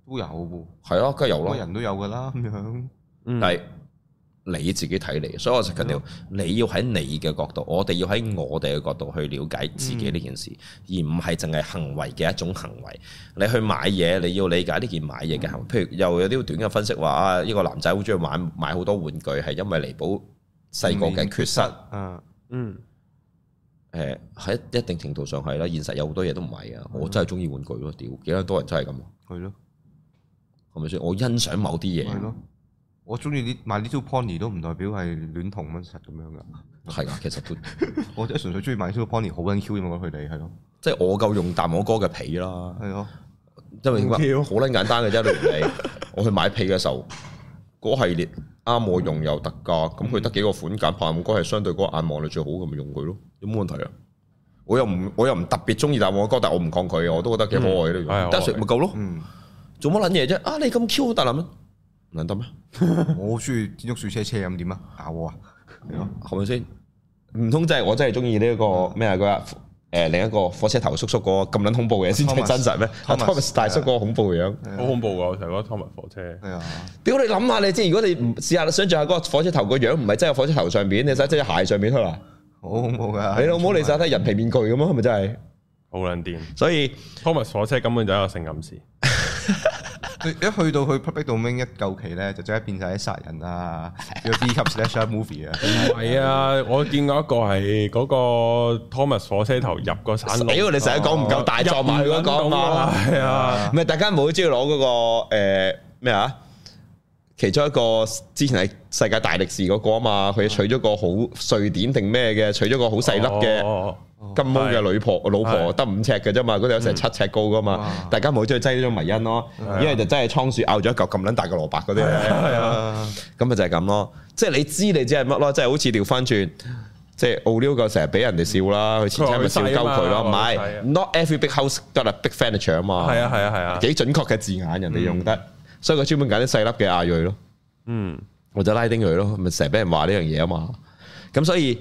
都有喎，係咯、啊，梗係有啦，有人都有噶啦咁樣，嗯，係。你自己睇嚟，所以我就強調你要喺你嘅角度，我哋要喺我哋嘅角度去了解自己呢件事，而唔係淨係行為嘅一種行為。你去買嘢，你要理解呢件買嘢嘅行為。譬如又有啲短嘅分析話啊，依、呢個男仔好中意買買好多玩具，係因為彌補細個嘅缺失。啊、嗯，嗯，誒喺、呃、一定程度上係啦，現實有好多嘢都唔係啊。我真係中意玩具咯，屌幾多多人真係咁？係咯的，係咪先？我欣賞某啲嘢。我中意啲買呢條 pony 都唔代表係戀童癖咁樣噶，係啊，其實都我即係純粹中意買呢條 pony 好撚 Q，因為佢哋係咯，即係我夠用大網哥嘅皮啦，係咯，因為點好撚簡單嘅啫，你唔理，我去買皮嘅時候，嗰系列啱我用又特價，咁佢得幾個款揀，大網哥係相對嗰個眼望嚟最好，咁咪用佢咯，有冇問題啊？我又唔我又唔特別中意大網哥，但係我唔抗拒。我都覺得幾可愛都得，用得咪夠咯，做乜撚嘢啫？啊，你咁 Q 得諗？唔得咩？我好中意蜘蛛鼠車車咁點啊？咬我啊？係咪先？唔通真係我真係中意呢個咩啊？佢話誒另一個火車頭叔叔嗰個咁捻恐怖嘅先至真實咩？Thomas 大叔嗰個恐怖樣，好恐怖噶！我成日覺得 Thomas 火車係啊！屌你諗下，你即係如果你唔試下想象下嗰個火車頭個樣，唔係真係火車頭上邊，你使真係鞋上邊出嚟，好恐怖噶！你老母嚟晒睇人皮面具咁啊？係咪真係？好撚癲！所以 Thomas 火車根本就係一個性暗示。一去到去 public domain 一舊期咧，就即刻變晒啲殺人啊，呢個 B 級 slash up Sl movie 啊，唔係啊，嗯、我見過一個係嗰個 Thomas 火車頭入個山，因為你成日講唔夠大作嘛，佢講啊，係啊，唔係大家唔好知攞嗰個誒咩、呃、啊？其中一個之前係世界大力士嗰個啊嘛，佢取咗個好瑞典定咩嘅，取咗個好細粒嘅。哦金毛嘅女婆老婆得五尺嘅啫嘛，嗰度有成七尺高噶嘛，大家冇再擠呢種迷因咯，因為就真係倉鼠咬咗一嚿咁撚大嘅蘿蔔嗰啲嚟，咁咪就係咁咯，即係你知你知係乜咯，即係好似調翻轉，即係奧利奧個成日俾人哋笑啦，佢前妻咪笑鳩佢咯，唔係，not every big house got a big furniture 啊嘛，係啊係啊係啊，幾準確嘅字眼人哋用得，所以佢專門揀啲細粒嘅阿瑞咯，嗯，或者拉丁佢咯，咪成日俾人話呢樣嘢啊嘛，咁所以。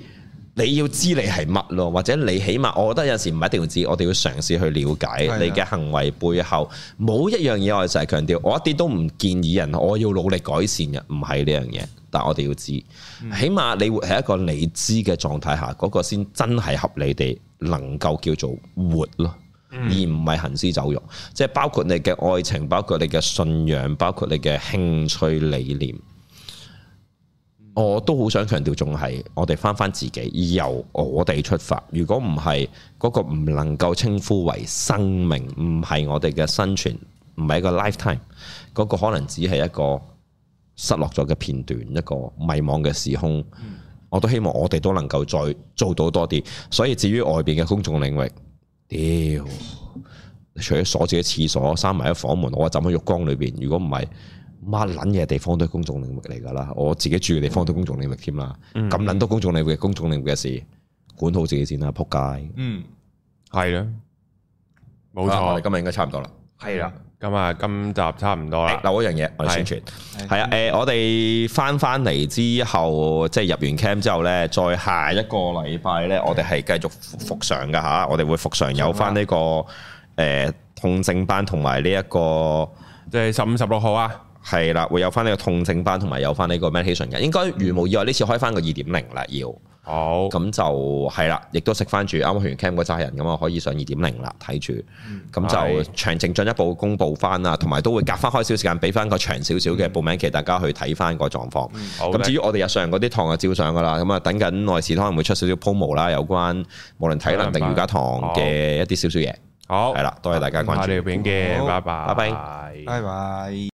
你要知你係乜咯，或者你起碼，我覺得有時唔一定要知，我哋要嘗試去了解你嘅行為背後。冇的一樣嘢，我哋成日強調，我一啲都唔建議人，我要努力改善嘅，唔係呢樣嘢。但係我哋要知，起碼你活喺一個你知嘅狀態下，嗰、那個先真係合理地能夠叫做活咯，而唔係行屍走肉。嗯、即係包括你嘅愛情，包括你嘅信仰，包括你嘅興趣理念。我都好想強調，仲係我哋翻翻自己，由我哋出發。如果唔係嗰個唔能夠稱呼為生命，唔係我哋嘅生存，唔係一個 lifetime，嗰個可能只係一個失落咗嘅片段，一個迷茫嘅時空。我都希望我哋都能夠再做到多啲。所以至於外邊嘅公眾領域，屌！除咗鎖住嘅廁所，閂埋一房門，我啊浸喺浴缸裏邊。如果唔係，乜撚嘢地方都係公眾領域嚟㗎啦，我自己住嘅地方都公眾領域添啦。咁撚、嗯、多公眾領域、公眾領域嘅事，管好自己先啦，撲街。嗯，係咯，冇錯。啊、我哋今日應該差唔多啦。係啦，咁啊，今集差唔多啦。嗱、欸，留一樣嘢我哋宣傳係啊。誒，我哋翻翻嚟之後，即係入完 camp 之後咧，再下一個禮拜咧，我哋係繼續復常嘅吓，我哋會復常有翻呢、這個誒、呃、痛症班同埋呢一個，即係十五十六號啊。就是係啦，會有翻呢個痛症班，同埋有翻呢個 meditation 嘅。應該如無意外呢次要開翻個二點零啦，要好咁就係啦，亦都食翻住啱啱完 camp 個扎人咁啊，剛剛可以上二點零啦。睇住咁就詳情進一步公布翻啦，同埋的都會隔翻開少時間，俾翻個長少少嘅報名期，嗯、大家去睇翻個狀況。咁的至於我哋日常嗰啲堂嘅照上噶啦，咁啊等緊內試，可能會出少少 promo 啦，有關無論體能定瑜伽堂嘅一啲少少嘢。好係啦，多謝大家關注，好，拜拜，拜拜，拜拜，拜拜。